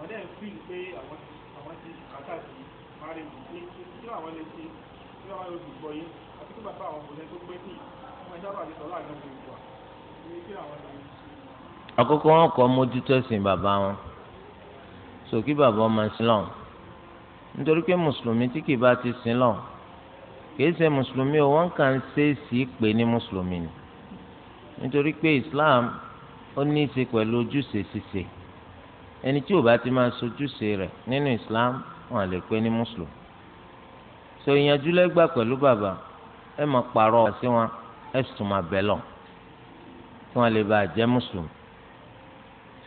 àwọn náà fi pé àwọn ti kàtà sí mari ní kí àwọn lè ṣe kí wọ́n máa lòdì gbọ́ yé àti kí bàbá àwọn òbòlẹ́ tó gbé sí ọmọ ìjábà lè sọ̀rọ̀ àgbà gbogbo wa ní kí àwọn lè ṣe. àkókò wọn kọ mójútó ẹ̀sìn bàbá wọn sòkí bàbá ọmọ sí nítorí pé mùsùlùmí tí kì bá ti sin kìí ṣe mùsùlùmí o wọn kàn ń ṣe é sí pé ní mùsùlùmí ni nítorí pé Islam ó ní í ṣe pẹ̀lú ojúṣe ṣíṣe ẹni tí ò bá ti máa sojúṣe rẹ̀ nínú islam wọn lè pè ní mùsùlùm so ìyànjú lẹ́gbà pẹ̀lú bàbá ẹ máa pààrọ̀ sí wọn ẹ sì tún máa bẹ̀ lọ kí wọn lè bá a jẹ́ mùsùlùm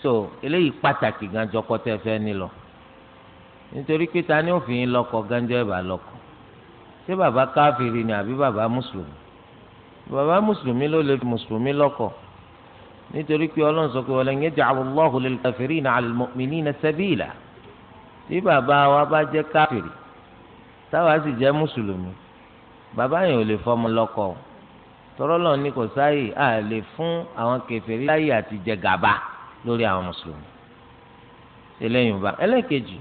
so eléyìí pàtàkì gan jọkọ tẹ fẹ́ nílọ nítorí pé ta ni òfin lọ́kọ gánjọ ẹ bá lọ́kọ ṣé bàbá káfíìrì ni àbí bàbá mùsùlùm bàbá mùsùlùmí ló lè fi mùsùlùmí nítorí pé ọlọ́run sọ pé walan yaj'ala Allahu lil kafirina 'ala al-mu'minina sabila tí bàbá wa bá jẹ́ káfìrì táwa sì jẹ́ mùsùlùmí bàbá yẹn ò lè fọmọ lọ́kọ tọrọ lọ ní kò sáyè à lè fún àwọn kèfèrí láyè àti jẹ gàba lórí àwọn mùsùlùmí eléyìí bá ẹlẹ́kejì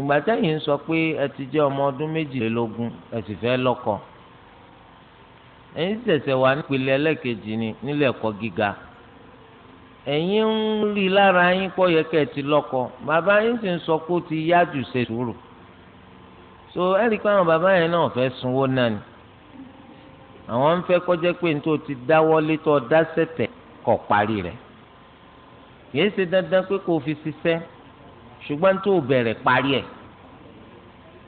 ìgbà táyì sọ pé ẹ ti jẹ́ ọmọ ọdún méjìlélógún ẹ sì fẹ́ lọ́kọ ẹ̀yin ṣẹ̀ṣẹ̀ wà nípele ẹlẹ́ẹ̀kejì ni nílé ẹ̀kọ́ gíga ẹ̀yin ń rí lára yín pọ̀ yẹ kẹ́ ti lọ́kọ bàbá yín sì ń sọ pé ti yá jù ṣe sùúrù so ẹ rí i pé àwọn bàbá yẹn náà fẹ́ sunwó náà ni àwọn ń fẹ́ kọjá pé ní tó ti dáwọ́lé tó dá sẹ̀tẹ̀ kọ̀ parí rẹ̀ kìí ṣe dandan pé kò fi ṣiṣẹ́ ṣùgbọ́n tó bẹ̀rẹ̀ parí ẹ̀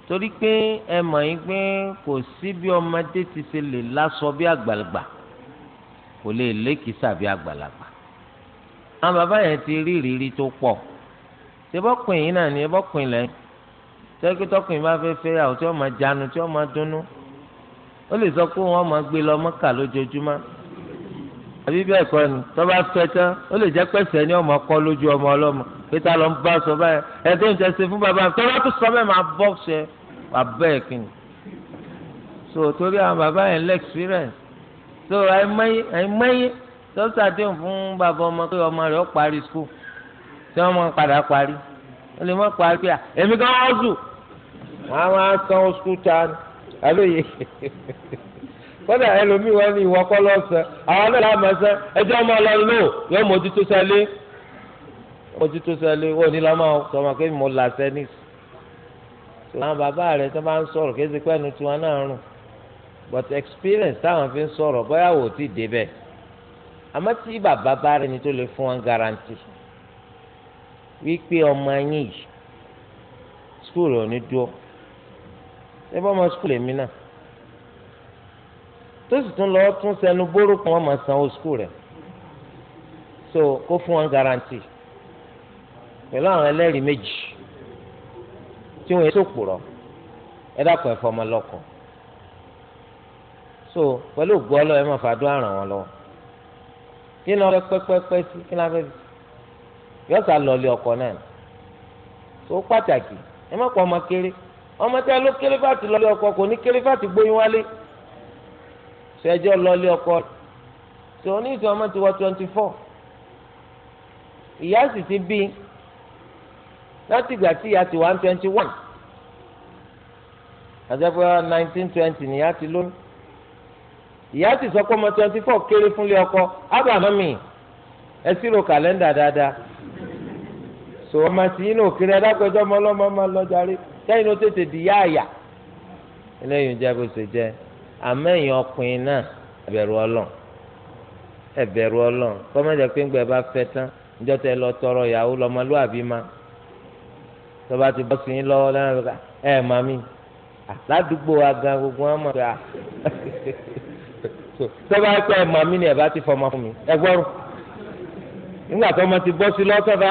torí pé ẹ mọ̀ yín pé kò sí bí ọmọdé ti ṣe lè lásọ bí àgbàlagbà kò lè lékìsà bí àgbàlagbà àwọn bàbá yẹn ti rí ìrírí tó pọ̀ ṣebọ́kùn yìí náà ni ẹbọ́kùn lẹ́yìn tẹ́kítọ́kùn yìí bá fẹ́ fẹ́ àwọn tí wọ́n máa jánu tí wọ́n máa dúnú ó lè sọ pé wọ́n máa gbé lọ mọ́kà lójoojúmọ́ àbí bẹ́ẹ̀ kọ́ ni tó bá fẹ́ tán ó lè jẹ́ pẹ̀sẹ̀ ní ọmọ kọ́ lójú ọmọ ọlọ́mọ pété lọ ń bá sọ báyẹn ẹ tó ń tẹ̀sí fún bàbá mi tó bá tún sọ bẹ́ẹ̀ máa bọ́ ṣe àbẹ́ ẹ̀ kìnnì. so torí àwọn bàbá yẹn lẹ́ experience so àìmọye dókítà tó ń fún bàbá ọmọ pé ọmọ rẹ̀ ó parí school tí wọ́n máa padà parí ó lè má parí pé èmi kan wọ́n zù àwọn á <laughs> kódà ẹlòmíì wọn ní ìwọ kọ́ lọ sẹ àwọn náà láàmú ẹsẹ ẹjọ́ ọmọ lọ lò yọ mójútó sẹ́lé mójútó sẹ́lé wọn ní lámà sọmọ pé mo là sẹ́ni. àwọn bàbá rẹ̀ tó máa ń sọ̀rọ̀ kéde pẹ́ẹ́nu tiwọn náà rùn but experience táwọn fi ń sọ̀rọ̀ bóyá wò ó ti dé bẹ́ẹ̀ àmọ́ tí bàbá bá rẹ̀ ni tó lè fún wọn garanti wípé ọmọ yín yìí skul ò ní dúró ṣé bọ́ ọmọ skul èmi náà tó sì tún lọ tún sẹnu bóró kan wọn máa sanwó skul rẹ so kó fún wọn garanti pẹ̀lú àwọn ẹlẹ́rìí méjì tí wọn èso pòrọ ẹ dákun ẹ fọmọ lọkọ so pẹ̀lú ògbó ọlọ ẹ máa fàdó àràn wọn lọ kí ni wọn pẹpẹpẹ sí kí ni wọn fẹẹ yọta lọlé ọkọ náà tó pàtàkì ẹ má pọ ọmọ kéré ọmọ tí a ló kéré fàtí lọlé ọkọ kò ní kéré fàtí gbóyún wálé ṣẹjọ́ lọ́lé ọkọ rẹ̀ tí o ní ìtọ́ ọmọ ti wọ twenty four ìyá sì ti bí láti ìgbà tí ìyá ti wà twenty one àjẹpẹ́ nineteen twenty ni ìyá ti lóyún ìyá sì sọ pé ọmọ twenty four kéré fúnlé ọkọ ábàámọ́mì ẹ ṣírò kàlẹ́ndà dáadáa so ọmọ tí yín náà kéré adágbẹ́jọ́ ọmọ ọlọ́mọ máa lọ jàre sẹ́yìn ló tètè di yá àyà eléyìí bó ṣe jẹ́ àmẹ́yìn ọkùnrin náà ẹ̀bẹ̀rù ọlọ́run ẹ̀bẹ̀rù ọlọ́run kọ́mẹ́jọ pé ńgbẹ́ bá fẹ́ tán níjọ́ tẹ lọ tọrọ ìyàwó lọ́mọlúwàbí ma tọ́ba ti bọ́ sí yín lọ́wọ́ lẹ́nu ẹ̀ mami ládùúgbò wa gan gbogbo wọn mọ̀ pé tọ́ba pẹ́ ẹ̀ mami ni ẹ̀ bá ti fọmọ fún mi ẹ gbọ́rù nígbà tó ọmọ ti bọ́ sí lọ́tọ́ba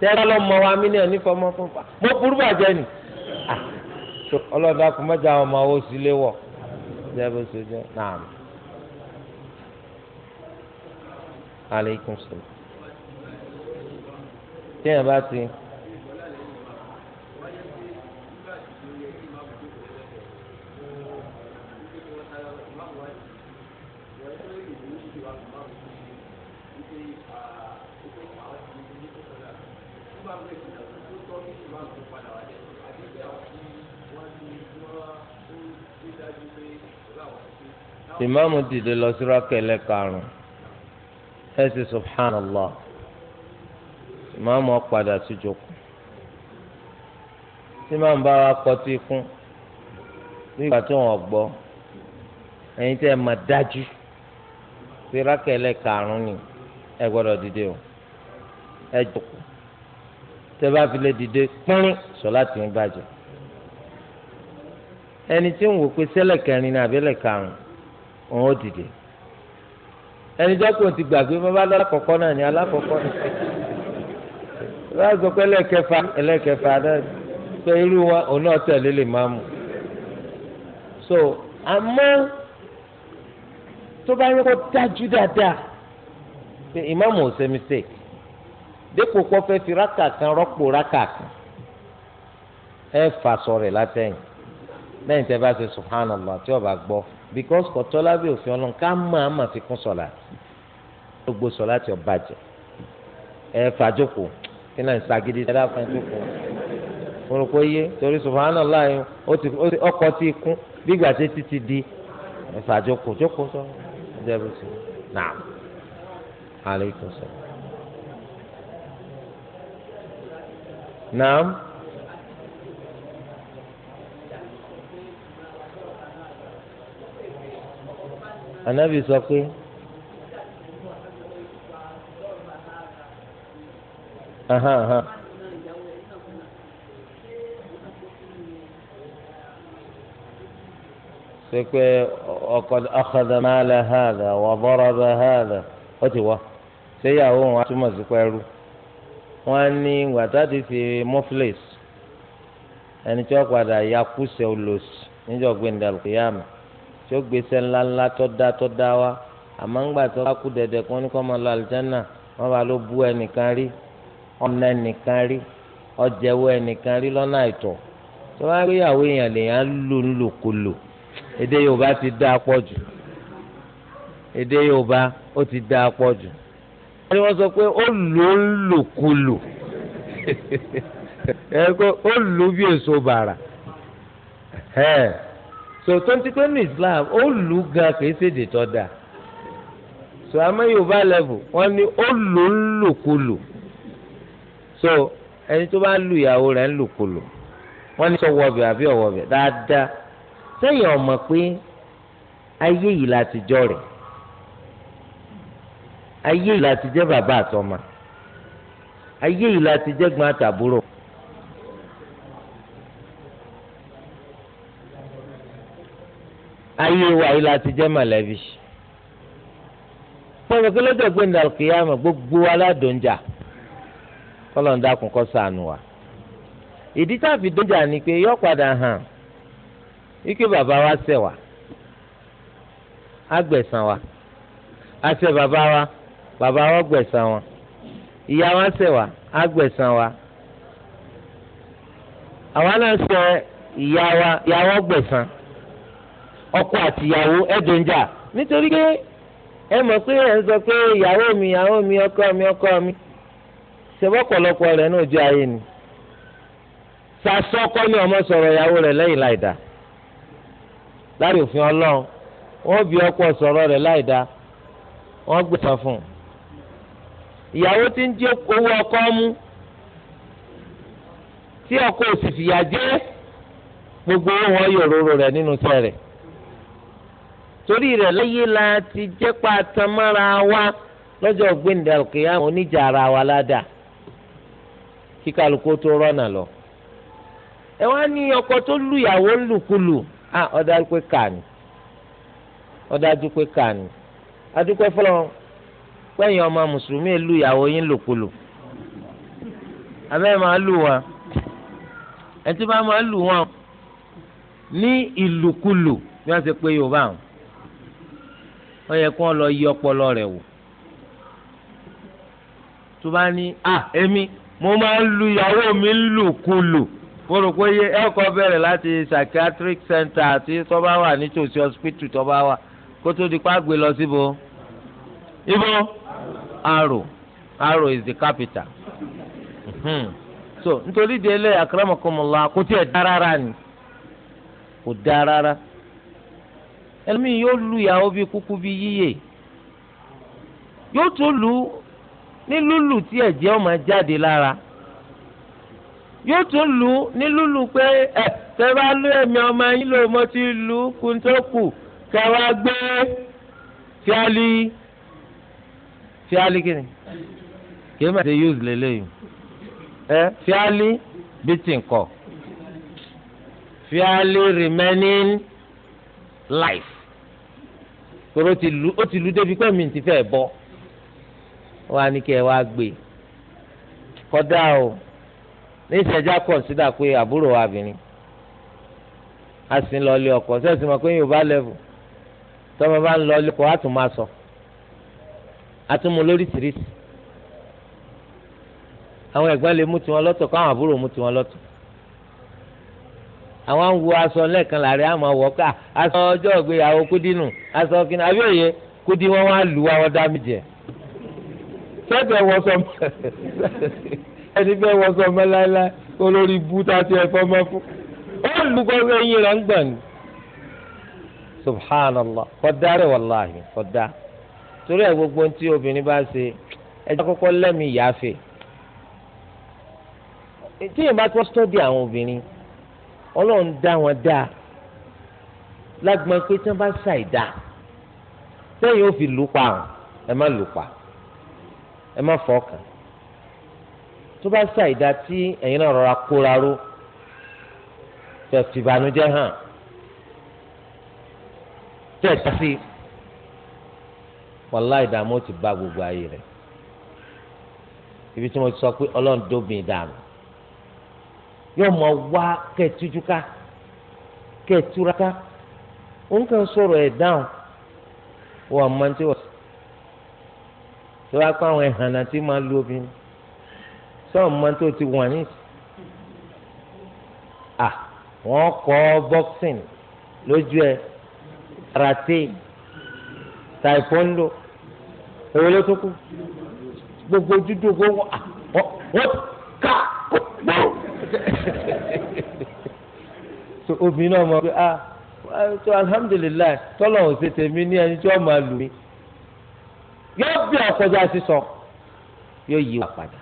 tẹ́lá lọ́mọ wa mí ni ẹ̀ ní fọmọ fún mi mo burú bàjẹ́ ni ọlọ́dà kò mẹ́ta ọmọ wo sílé wọ̀ jẹ́ bó ṣe jẹ́ náà. aleykum salaam. tí yẹn bá ti. ìmáàmù dìde lọ sí rákẹlẹ karùnún ẹ sì subhanallah ìmáàmù ọ̀padà sí jòkó tí màá kọtí nígbà tí wọn ẹ dájú sí rákẹlẹ karùnún ni ẹ gbọ́dọ̀ dìde o ẹ jòkó tẹ́ bá dìde pínrín ẹni tí ń wò òun ó dìde ẹni jọ́pọ̀ ti gbàgbé bàbá alákọ̀ọ́kọ́ náà ni alákọ̀ọ́kọ́ ni bàbá sọ pé ẹlẹ́kẹfà ẹlẹ́kẹfà náà pé irú wa òun náà tẹ̀lé lè máa mú so àmọ́ tó bá yẹ kó dájú dáadáa pé ìmáàmù ò ṣe mistake dépò kó fẹ́ fi rákà kan rọ́pò rákà kan ẹ fà sọ̀rọ̀ látẹ̀yìn lẹ́yìn tẹ́ bá ṣe subhanallah tí ó gbọ́ because kọ̀tọ́lá bí òfin ọlọ́run ká máa máa fi kún sọ̀lá gbogbo sọ̀lá tí ó bàjẹ́ ẹ fàájòkó kí náà ń sagídí ẹ dáa fún ẹ tó kù mo rò pé yé torí subhanallah ọkọ̀ ti kún bí ìgbà tí títí di ẹ fàájòkó jókòó sọ ẹ sọ náà alaikum salam. Naam. anabi sọ pé ahan ahan. pé ọkọd akadàmà alẹ hàdà wà bọrọdà hàdà ó ti wá séyàwó wọn á túmọ̀ sí pẹ́rú wọn ní gbàtàdì fi mọ́flẹ́s ẹni tí wọ́n padà yakúṣẹ́ olóṣì níjọ́ gbẹ̀ndàlùkìyàmù tí ó gbèsè ńláńlá tó dá tó dá wa àmọ́ tó bá kú dẹ̀dẹ̀ kún ní kó máa lọ àlùjáná wọ́n bá ló bú ẹnìkan rí ọ̀nà ẹnìkan rí ẹnìkan rí lọ́nà àìtọ́ tó bá rí ìyàwó èèyàn lèèyàn lò ti da pọ̀ jù èdè Yorùbá ó ti dá pọ̀ jù wọ́n ní wọ́n sọ pé ó lò ńlòkulò <laughs> ó lò bí èso bàrà. so tó ń ti pé ní islam ó lù ú gan kì í ṣèdè tó dáa so àmọ́ yorùbá level wọ́n ní ó lò ń lòkulò so ẹni tó bá lu ìyàwó rẹ̀ ń lòkulò wọ́n ní sọ wọ̀bẹ̀ àbí ọ̀wọ̀bẹ̀ dáadáa sẹ́yìn ọ̀mọ̀ pé ayé yìí láti jọ rẹ̀ ayé yìí láti jẹ́ bàbá àtọmọ ayé yìí láti jẹ́ gbọ́n àtàbúrò ayé wa yìí láti jẹ́ mọ̀lẹ́bí pọ̀jù kí lọ́jọ́ gbé ní gbogbo aládùnjà kọ́lọ̀ ń dákun kọ́ sànù wa ìdí tá a fi dójà ni pé yọ padà hàn ike bàbá wa ṣẹ̀ wá agbẹ̀san wa àṣẹ bàbá wa bàbá wa gbẹ̀san wa ìyá wa ṣẹ̀ wá agbẹ̀san wa àwa náà ìyá wa ìyá wa ọkọ àtìyàwó ẹdùn jà nítorí pé ẹ mọ̀ pé ẹ ń sọ pé ìyàwó mi ìyàwó mi ọkọ mi ọkọ mi ṣèbọ̀pọ̀lọpọ̀ rẹ náà ju ayé ni sasọ́kọ́ ni ọmọ sọrọ ìyàwó rẹ lẹ́yìn láìda láti òfin ọlọ́run wọ́n bí ọkọ sọrọ rẹ láìda wọ́n gbé sọ fún un ìyàwó tí ń jẹ́ owó ọkọ mú tí ọkọ òsì fìyà jẹ gbogbo owó wọn yòróró rẹ̀ nínú sẹ́rẹ̀ torí rẹ̀ láyé la ti jẹ́ pa tamára wa lọ́jọ́ gbẹ̀ndẹ̀ oníjà ara wa ládàá kí tó rọ́nà lọ. ẹ wá ní ọkọ tó lu ìyàwó lùkulù ọ̀dájú pé kàní ọ̀dájú kàní ọmọ mùsùlùmí lu ìyàwó yín lùkulù máa lù wọn ẹtí bá máa lù wọn ní ìlùkulù bí wọ́n ó yẹ kó lọ yí ọpọlọ rẹ̀ wò tó bá ní à èmi mo máa ń lu ìyàwó mi ń lù kú lù mo rò pé yé ẹ̀kọ́ bẹ̀rẹ̀ láti psychiatric center àti tó bá wà nítòsí hospital tó wà kó tó di pa lọ síbo ibo aro aro is the capital hmm. so nítorí délé akramakumullah kò tiẹ̀ dá rárá ni kò dá rárá. ẹlòmíì yóò lu ìyàwó bíi kúkú bíi yíyè yóò tún lu ní lùlù tí ẹ̀jẹ̀ ọmọ jáde lára yóò tún lu ní lùlù pé ẹ tẹ bá lú ẹ̀mí ọmọ yín lò mo ti lu kùntòkù kẹ wá gbé fíálí fíálí kìnnì kìí má ṣe use lélẹ́yìn ẹ fíálí bìtì nkọ fíálí remaining life toro ti lu ó ti lu débi pé mi ti fẹ́ bọ́ wọ́n á ní kí ẹ wá gbé kọ́dá o ní ìṣẹ́já kọ̀ǹsídà pé àbúrò wa bìnrin a sì ń lọ ilé ọkọ sẹ́sìn mọ̀ pé yorùbá lẹ́vù tọ́mọ bá ń lọ ilé ọkọ á tún máa sọ á tún mu lóríṣiríṣi àwọn ẹ̀gbọ́n lè mú tiwọn lọ́tọ̀ káwọn àbúrò mú tiwọn lọ́tọ̀ àwọn ń wo aṣọ lẹ́ẹ̀kan láàrin àmọ́ wọ̀ ká aṣọ ọjọ́ ìgbéyàwó kúdínù aṣọ kìnnì abíòye kúdí wọn wá lù wá wọn dá mi jẹ. sẹ́tẹ̀ wọ sọ <laughs> ẹni bẹ́ẹ̀ wọ sọ mẹ́láńlá olórí búta ti ẹ̀fọ́ mọ́ fún. ó lù gbọ́dọ̀ eyín rẹ̀ ń gbọ̀n ni. subhanallah kọ́dá rẹ̀ wàláhì kọ́dá. torí ẹ̀ gbogbo ohun tí obìnrin bá ṣe ẹjọ́ kọ́kọ́ lẹ́mìí yááfẹ́. tí yìnbá ọlọ́run dá wọn dá lágbọ́n pé tí wọ́n bá ṣàìdá sẹ́yìn ó fi lù pa àwọn ẹ má lù pa ẹ má fọkàn tó bá ṣàìdá tí ẹ̀yin náà rọra kóra ró fẹ́ fìbànújẹ́ hàn tẹ̀ sí wàlá ìdààmú ti ba gbogbo ayé rẹ̀ ibi tí mo sọ pé ọlọ́run dóbin ìdààmú yóò mọ wá kẹtújúká kẹtúraká òun kàn sọ̀rọ̀ ẹ̀ dáhùn wọ́n àmọ́ tí wọ́n tó wá kó àwọn ẹ̀hànà tí máa lu obìnrin sọ̀rọ̀ mọ́ o ti wọ̀n ní à wọ́n kọ́ boxing lójú ẹ̀ karate taekwondo èwo ló tó kù gbogbo dúdú gbogbo à wọ́n. <laughs> so obìnrin náà mọ̀ pé ah so alhamdulilayi tọ́lọ̀ ò ṣe tèmi ní ẹni tí wọ́n máa lù mí yóò bí ọ̀kọ́jà sísọ yóò yí wà padà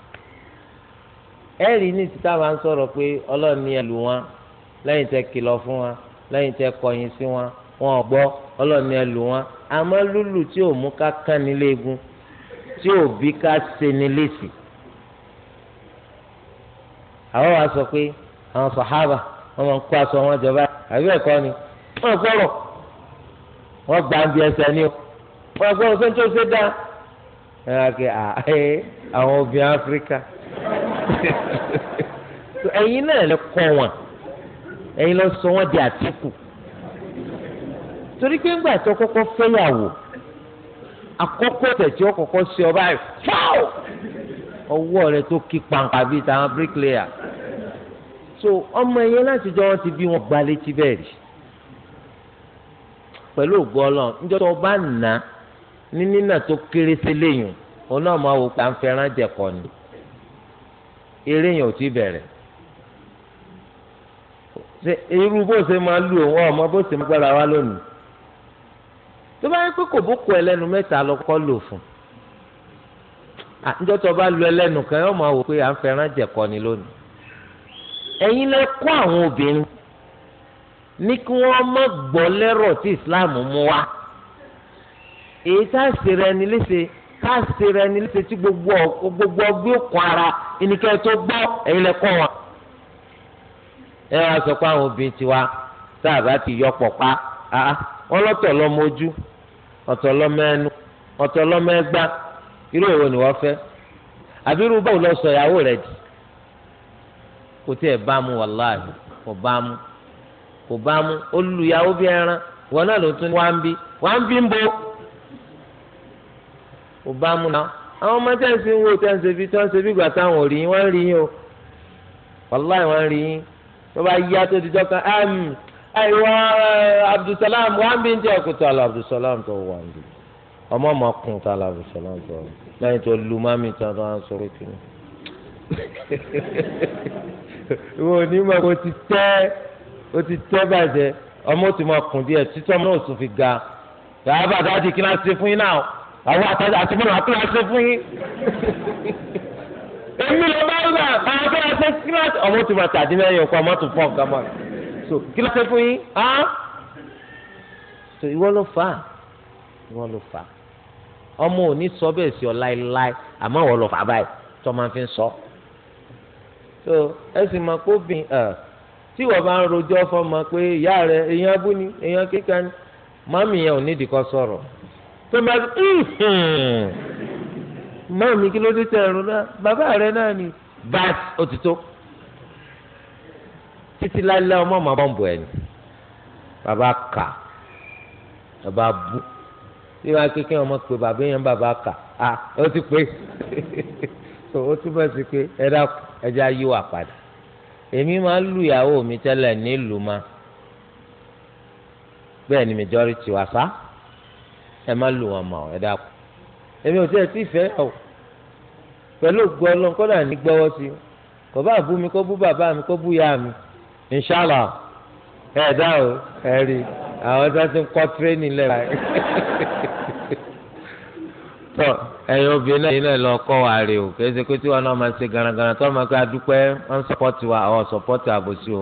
ẹ̀rí ní ti tá a máa ń sọ̀rọ̀ pé ọlọ́run ní ẹlù wọn lẹ́yìn tẹ́ kìlọ̀ fún wọn lẹ́yìn tẹ́ kọ̀yìn sí wọn wọn ò gbọ́ ọlọ́run ní ẹlù wọn àmọ́ lúlù tí ò mú ká kán nílé egun tí ò bí ká ṣe ní lẹ́sìn àwọn wa sọ pé àwọn sọ̀hábà wọ́n máa ń kó aṣọ wọn jọba àbí ni gbọrọ. wọ́n gbà ń ni o gbọrọ tó ṣe dá kí àwọn obìnrin áfíríkà <laughs> náà lè wọn lọ sọ wọn di àtìkù torí pé ńgbà tó ọwọ́ rẹ tó kí pàǹpà bíi tàwọn bricklayer so ọmọ yẹn láti jọ wọn ti bí wọn gba létí bẹ́ẹ̀ rí pẹ̀lú ògbó ọlọ́run níjọ́ tó bá nà ní nínà tó kéré sí léyìn òun náà máa wò pé à ń fẹ́ràn jẹ̀kọ́ ni eré yẹn ò ti bẹ̀rẹ̀ irú bó ṣe máa lu òun ọmọ bó ṣe máa gbára wa lónìí tó bá yẹ pé kò bó kọ ẹlẹ́nu mẹ́ta lọ́kọ́ lò fún un. níjọ́ tó bá lu ẹlẹ́nu kan yóò máa wò pé à ń fẹ́ràn jẹ̀kọ́ ni lónìí ẹ̀yin lẹ kó àwọn obìnrin ní kí wọ́n má gbọ́ lẹ́rọ̀ tí Islam mú wa èyí tá a ṣèrè ẹni léṣe gbogbo ọgbẹ́ òkun ara ẹnikẹ́ni tó gbọ́ ẹ̀yin kọ́ wọn. ẹ wá sọ pé àwọn obìnrin tiwa tá a bá ti yọ pọ̀ pa lọ́mọ irú èwo ni wọ́n fẹ́ àbí irú báwo lọ sọ ìyàwó rẹ di kò tí ẹ bá mu wàláhì kò bá mu kò bá mu olùyàwó bí ẹran wọn náà ló tún wá ń bí wá ń bí ń bo kò bá mu náà àwọn ọmọ tẹ́ǹsì ń wò tẹ́ǹsì bí tẹ́ǹsì bí gbà táwọn ò rí yín wọ́n ń rí yín o wàláhì wọ́n ń rí yín tó bá yá tó di dọ́kan ẹ̀ẹ́m àìwọ́ Abdulsalam wà bí ń jẹ́ òkúta lọ Abdulsalam tó wà bí ọmọ ọmọ kùn tá a la fi sọ̀rọ̀ àjọ rẹ̀ lẹ́yìn tó lu mami tó a máa sọ̀rọ̀ kìnnì. <laughs> ìwọ onímọ̀ o ti tẹ́ o ti tẹ́ bàjẹ́ ọmọ tó máa kùn díẹ̀ títọ́ ọmọ náà tún fi ga yàrá bàtà àti kíláàsì fún yín náà àwọn àtàjà àti mọ́nà kíláàsì fún yín. <laughs> èmi lọ bá wà àwọn tó kíláàsì ọmọ tó máa tàdí mẹ́rin ọkọ ọmọ tó fọ́ ọ̀gá so kíláàsì fún yín. so ìwọ ló fà ìwọ ló fà ọmọ ò sọ bẹ́ẹ̀ sí ọ láéláé àmọ́ àwọn ọlọ́fà báyìí tó máa fi ń sọ. so ẹ sì mọ̀ pé obìnrin tí wọ́n bá ń rojọ́ fọmọ pé ìyá rẹ èèyàn abú ni èèyàn kíkà ni mọ́mì yẹn ò nídìí kọ́ sọ̀rọ̀ tó máa fi mọ́mì kí ló dé tẹ̀ ẹ̀rù náà bàbá rẹ náà ni bàt òtítọ́ títí láéláé ọmọ màá bọ̀ ẹ̀ ni bàbá kà bàbá bú bí wàá kékeré ọmọ pé bàbá yẹn bàbá kà á ó ti pé so ó túbọ̀ sí pé ẹ dákú ẹ já yí wà padà èmi máa ń lu ìyàwó mi tẹ́lẹ̀ nílùú ma bẹ́ẹ̀ ni majority wà sá ẹ má lu wọn mọ̀ ẹ dákú èmi ò tẹ́ ẹ ti fẹ́ ọ̀ pẹ̀lú ògbó ọlọ́run kọ́dà ní gbọ́wọ́ sí i kò bá bú mi kó bú bàbá mi kó bú ìyá mi inṣàlá ẹ dá o ẹ rí àwọn tó ti ń kọ́ tírénì lẹ́la <laughs> tọ ẹyin obìnrin náà yìí náà lọ kọ́ wa rè o kì í ṣe pé tí wọn náà máa ń ṣe garagara tó máa pé adúpẹ́ wọn ń sọpọ́tì wa ọ̀ sọpọ́tì àbòsí o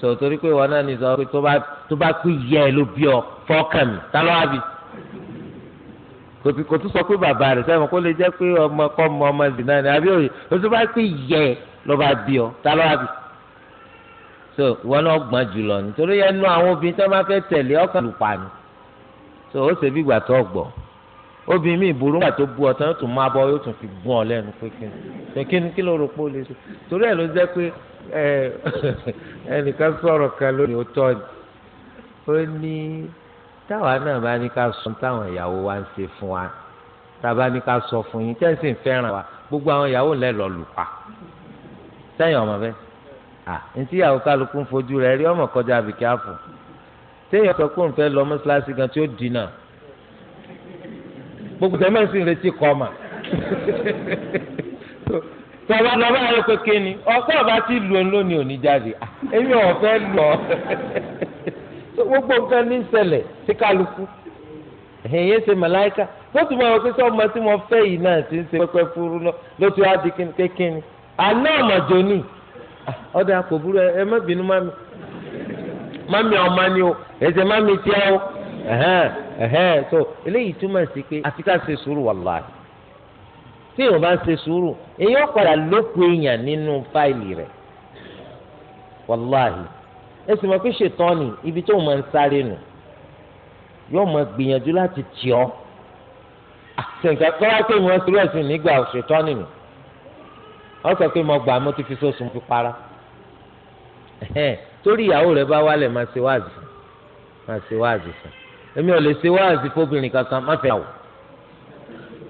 sọ torí pé wọn náà ní sọ pé tó bá pé yẹ ẹ ló bí ọ fọkàn mi tá ló wá bì kò tún sọ pé bàbá rẹ sẹ́wọ̀n kó lè jẹ́ pé ọmọ kọ́ mọ ọmọ ìdì náà ni àbí òye kò tó bá pé yẹ ẹ ló bá bí ọ tá ló wá bì so wọn náà gbọ́n jùlọ nítorí ẹnu àwọn obìnrin tó obìnrin mi ìbòrò wà tó bu ọ̀tán yóò tún máa bọ́ yóò tún fi gún ọ lẹ́nu pé kíni pé ni kí ló rò pé ó lè ṣe torí ẹ̀ ló jẹ́ pé ẹnìkan sọ̀rọ̀ kan lónìí ó ni ó ní táwa náà bá ní ká sọ táwọn ìyàwó wa ń ṣe fún wa táwa ní ká sọ fún yín tẹ́sí ń fẹ́ràn wa gbogbo àwọn ìyàwó lẹ́ lọ lù pa sẹ́yìn ọmọ bẹ́ẹ̀ à ntí ìyàwó kálukú ń fojú rẹ̀ rí ọmọ kọjá àbíkí àfọ̀ téèyàn sọ fẹ́ lọ mọ́ gbogbo tẹ̀mẹ́ sì ń retí kọ́ mà tọ́ba lọ́ba yẹn kékeré ni ọ̀pọ̀ ọba ti lu ẹ̀ lónìí òní jáde ah, èmi ò fẹ́ lọ gbogbo nǹkan ní ṣẹlẹ̀ sí kálukú ẹ̀yìn ṣe màláìka ló ti mọ pé sọ́mọ tí mo fẹ́ yìí náà ti ń ṣe pẹ́pẹ́ fúru lọ ló ti wá di àná àmàjò ni ah, ọ̀dà kò burú ẹ má mami mami ọmọ ni o ẹ̀sẹ̀ mami tiẹ́ o ẹ̀hẹ́n so eléyìí túmọ̀ sí pé àti ká ṣe sùúrù wàláhì tí èèyàn bá ń ṣe sùúrù èèyàn padà lóko èèyàn nínú fáìlì rẹ̀ wàláhì ẹ sì mọ̀ pé ṣètọ́ni ibi tó máa ń sáré nù yóò máa gbìyànjú láti tì ọ́ àtẹ̀ǹkà ah, kọ́lá pé wọ́n ti rẹ̀ sí nígbà ṣètọ́ni nù wọ́n sọ pé mo gbà mo ti fi sóṣù fi para torí ìyàwó rẹ̀ bá wálẹ̀ máa ṣe wáàzì máa ṣe wáàzì sàn èmi ò lè ṣe wáàsí fóbìnrin kankan má fẹ́ yàwó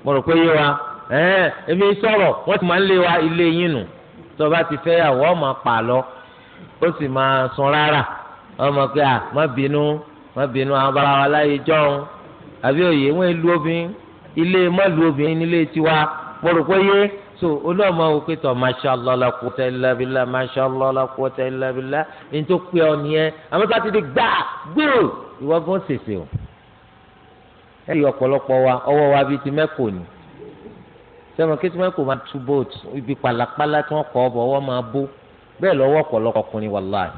mo rò pé yé wa ẹ̀ẹ́n èmi sọ̀rọ̀ wọ́n ti máa ń lé wa ilé yín nù tó bá ti fẹ́ yàwó ọmọ pààlọ́ ó sì máa sun rárá ọmọ pé à má bínú má bínú àwọn bàbá wa láyé jọ́hún àbí òye wọ́n lu obìnrin ilé má lu obìnrin nílé tiwa mo rò pé yé so olóòmọ wo pé tọ mashallah la quwwata illa billah mashallah la quwwata illa billah ẹni tó pé ọ nìyẹn àmọ́ sáà ti di gbà gbòò ìwọ gan ṣèṣe o ẹ yọ ọ̀pọ̀lọpọ̀ wa ọwọ́ wa bíi ti mẹ́kò ni sẹ́wọ̀n kí ti mẹ́kò máa tú boat ibi pàlàpàlà tí wọ́n kọ́ ọ bọ̀ ọwọ́ máa bó bẹ́ẹ̀ lọ́wọ́ ọ̀pọ̀lọpọ̀ ọkùnrin wàláhì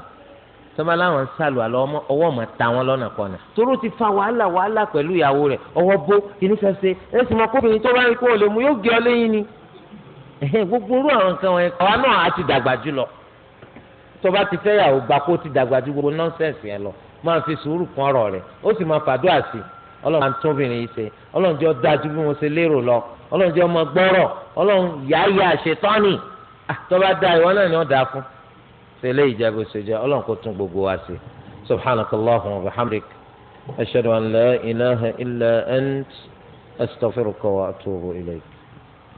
sọ́mọ́ aláwọ̀ ń sàlù àlọ́ ọwọ́ mọ̀ ta wọn lọ́nà kọ́nà toró ti fa wàhálà wàhálà pẹ̀lú ìyàwó rẹ̀ ọwọ́ bó kìíní ẹ sì mọ kóbìnrin tó bá rí kó o lè mú yóò gé ọ lẹ́yìn ni gbogbo orú àwọn nǹkan wọn àwa náà á ti dàgbà jù lọ tó bá ti fẹ́yàwó gbà kó ti dàgbà jù gbogbo nọ́ńsẹ̀nsì yẹn lọ máa fi sùúrù kan ọ̀rọ̀ rẹ̀ ó sì máa fàdúrà sí ọlọ́run máa ń tóbìnrin yìí ṣe ọlọ́run jọ dájú bí mo ṣe lérò lọ ọlọ́run jẹ́ ọmọ gbọ́rọ̀ ọlọ́run yáyà ṣetánì àtọ́ba ah, da ìwọ náà ni wọ́n dáa fún. sẹ́lẹ̀ ìjẹ́bù ṣèjọ́ ọlọ́run kò tún gbogbo